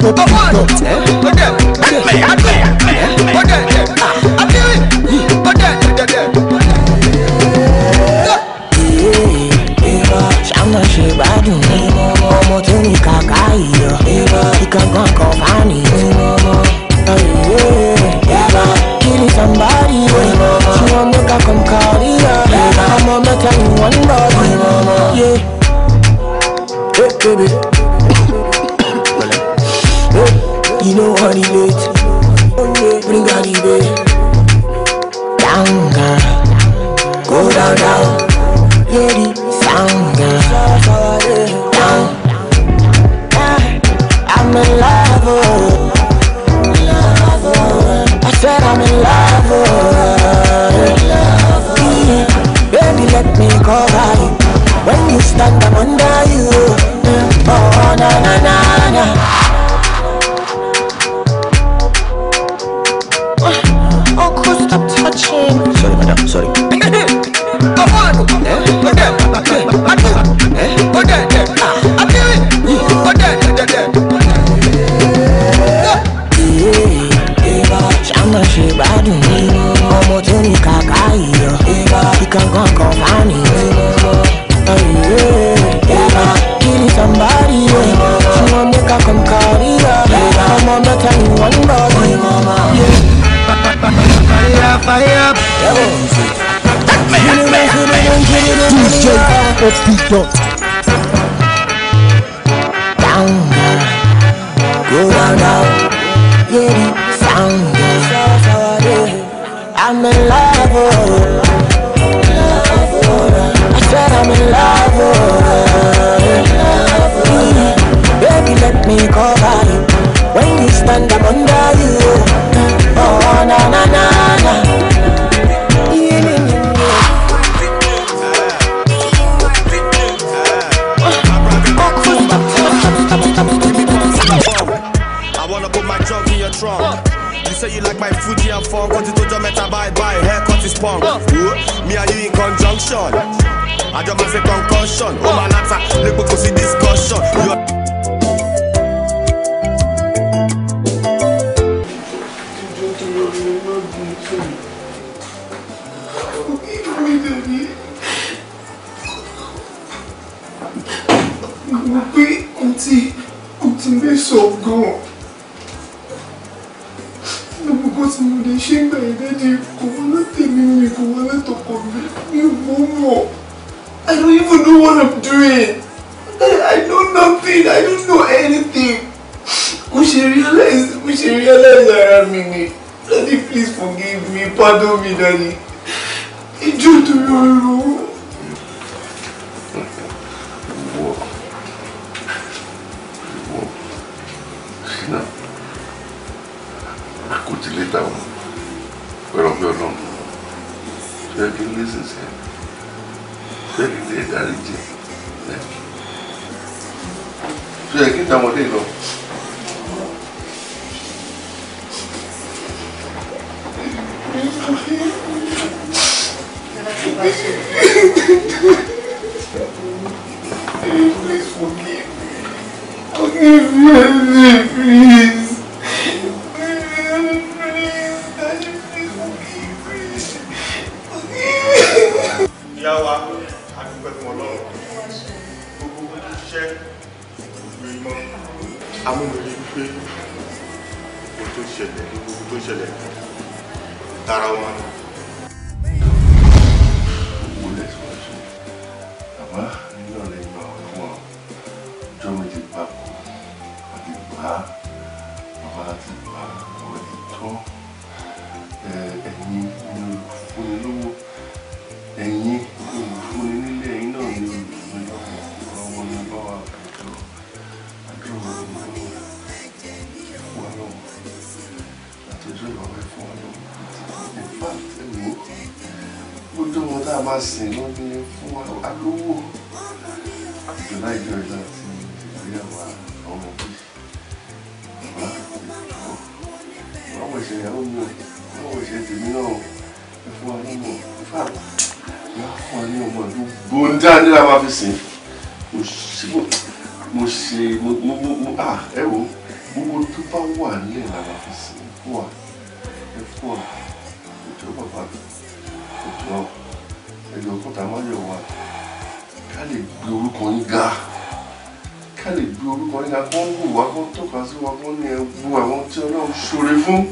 go go go go there. Help me, help me, help me. Go there, there. I feel it. Go there, there, there. Ṣáná ṣe gbádùn ní ọmọ tó ní kàkà ìyọ̀ ìkankan kan fani ní ọmọ kill somebody She want make her come call I'ma make her one body Yeah, hey baby baby. Yo So gbogbo tí mo lè ṣe ń gbà yín lẹ́yìn ikú. ṣe ìyàwó mi ò wọ́n ṣe tèmi náà ò fún wa ní mọ̀ fà yà fún wa ní ọmọ ìlú gbóńdá ní la máa fi sìn mo ṣe mo ṣe mo mo mo à ẹ wo gbogbo tó bá wà nílẹ̀ la máa fi sìn fún wa ẹ fún wa ìjọ bàbá mi ìjọ ẹjọ kọta má yọ wa ká lè gbé orúkọ yín ga ká lè gbé orúkọ yín ga kó ń wù wá kó ń tọ́ka sí wa kó ń ní ẹ gbú àwọn tí ọlọ́run ṣoore fún.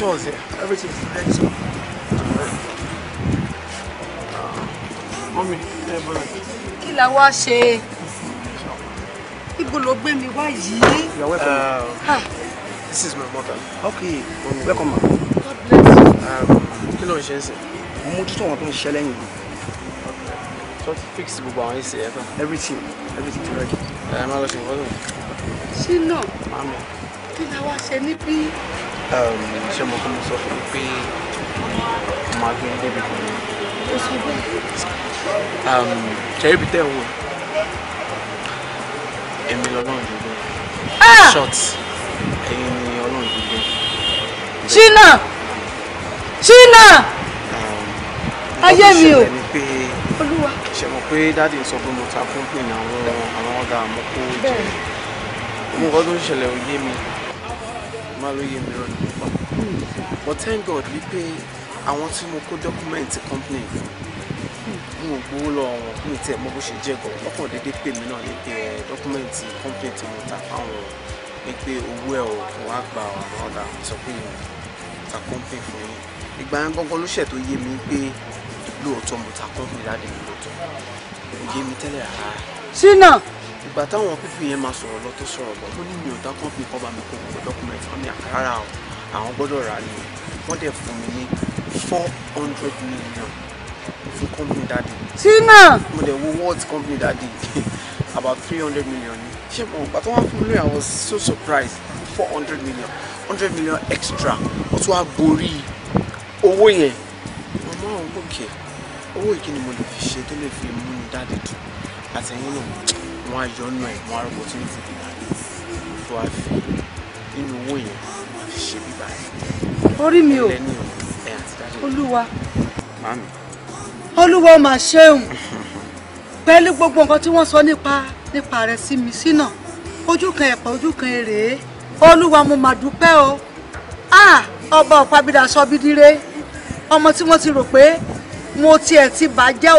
tours here. Everything's ready to Mọ́mí, ẹ bọ́lá. Kí la wá ṣe? Ibo ló gbé mi wá yìí? You are welcome. Uh, this is my mother. Okay, Mọ́mí, welcome ma. God bless you. Um, kí ló ń ṣe ń sìn? Mo tún àwọn tó ń ṣiṣẹ́ lẹ́yìn. So fix gbogbo àwọn ìsìn ẹ̀fọ́. Everything, everything ti ready. Ẹ eh, máa lọ sí ìfọ́sọ̀. Ṣé náà? Màmí. Kí la wá ṣe níbí? Um, ṣé mo kún mo sọ fún mi pé mo máa gbé débi kan um, ní. ṣẹ́ríbi tẹ̀ wọ èmi lọ́lọ́run dúró ah! um, mi o olúwa. ṣe mọ̀ pé dáàdi sọ pé mo ta fún pin àwọn àwọn ọ̀gá àmọ́kó jẹ́ mo kọ́ tó ń máa lóye mi rọ nípa but thank God wípé àwọn tí mo kó dọ́kúmẹ́ǹtì company fún mo gbowó lọ́wọ́ wọn mi tiẹ̀ mọ bó ṣe jẹ́ gan ọkàn déédéé pè mí náà ní pé eh, dọ́kúmẹ́ǹtì company tí mo ta fáwọn ní pé owó ẹ̀ ò kún wá gba ọ̀nà ọ̀dà sọ pé mo ta company fún yín ìgbà yẹn gangan ló ṣẹ̀ tó yé mi pé lóòótọ́ mo ta company láti lóòótọ́ kò yé mi tẹ́lẹ̀ rárá. ṣínà ìgbà táwọn pípì yẹn máa sọ̀rọ̀ lọ tó sọ̀rọ̀ bọ̀ tó ní mi ò dá kán fi kọ́ba mi kó gbogbo document fún mi àkàrà àwọn gbọ́dọ̀ rà ni wọ́n dẹ̀ fún mi ní four hundred million fún company daddy. tina. mo dẹ̀ wo what company daddy about three hundred million ni ṣé mo gbà tó wá fún mi I was so surprised four hundred million hundred million extra ó tún wá borí owó yẹn màmá àwọn gòkè owó yìí kí ni mo lè fi ṣe tó lè fi mú mi dáàdì tù àtẹ̀yìn náà wọ́n á yọ ọ́nà ẹ̀ wọ́n á rúkọ tí ń fún mi láti tó a fi nínú owó yẹn wọ́n fi ṣe bíbá yẹn. orí mi o olúwa olúwa mà ṣeun pẹ̀lú gbogbo nǹkan tí wọ́n sọ nípa nípa rẹ̀ sí mi sínà ojú kan ẹ̀pọ̀ ojú kan èrè olúwa mo mà dúpẹ́ o ọba ọ̀pábídà sọ bí dire ọmọ tí wọ́n ti rò pé mo tiẹ̀ ti bàjẹ́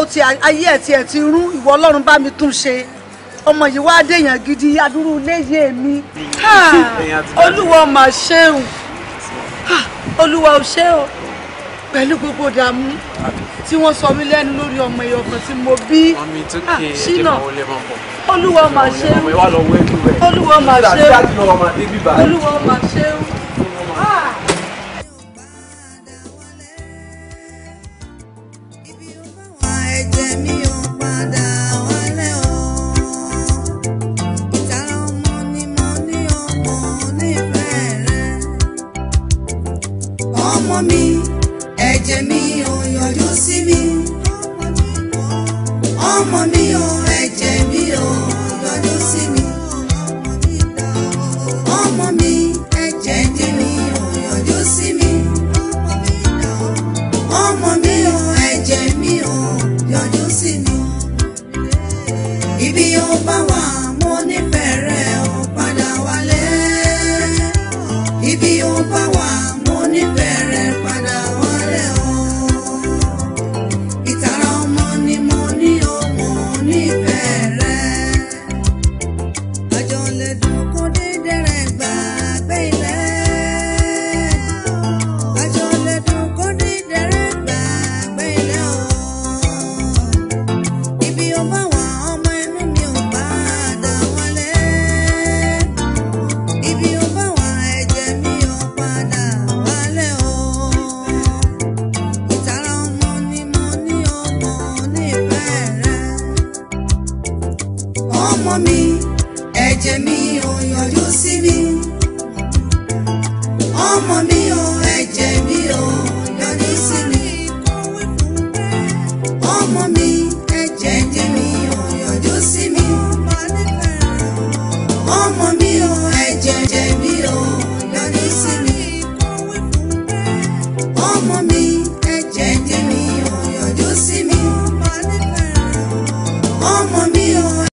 ayé ẹ̀ tiẹ̀ ti rún ìwọ ọlọ́run bá mi tún ṣe ọmọ yìí wá déèyàn gidi adúrú léyè mi olúwa mà ṣeun olúwa ò ṣe o pẹ̀lú gbogbo dààmú tí wọ́n sọ mí lẹ́nu lórí ọmọ ẹ̀yọ̀ kan tí mo bí ṣínà olúwa mà ṣeun olúwa mà ṣeun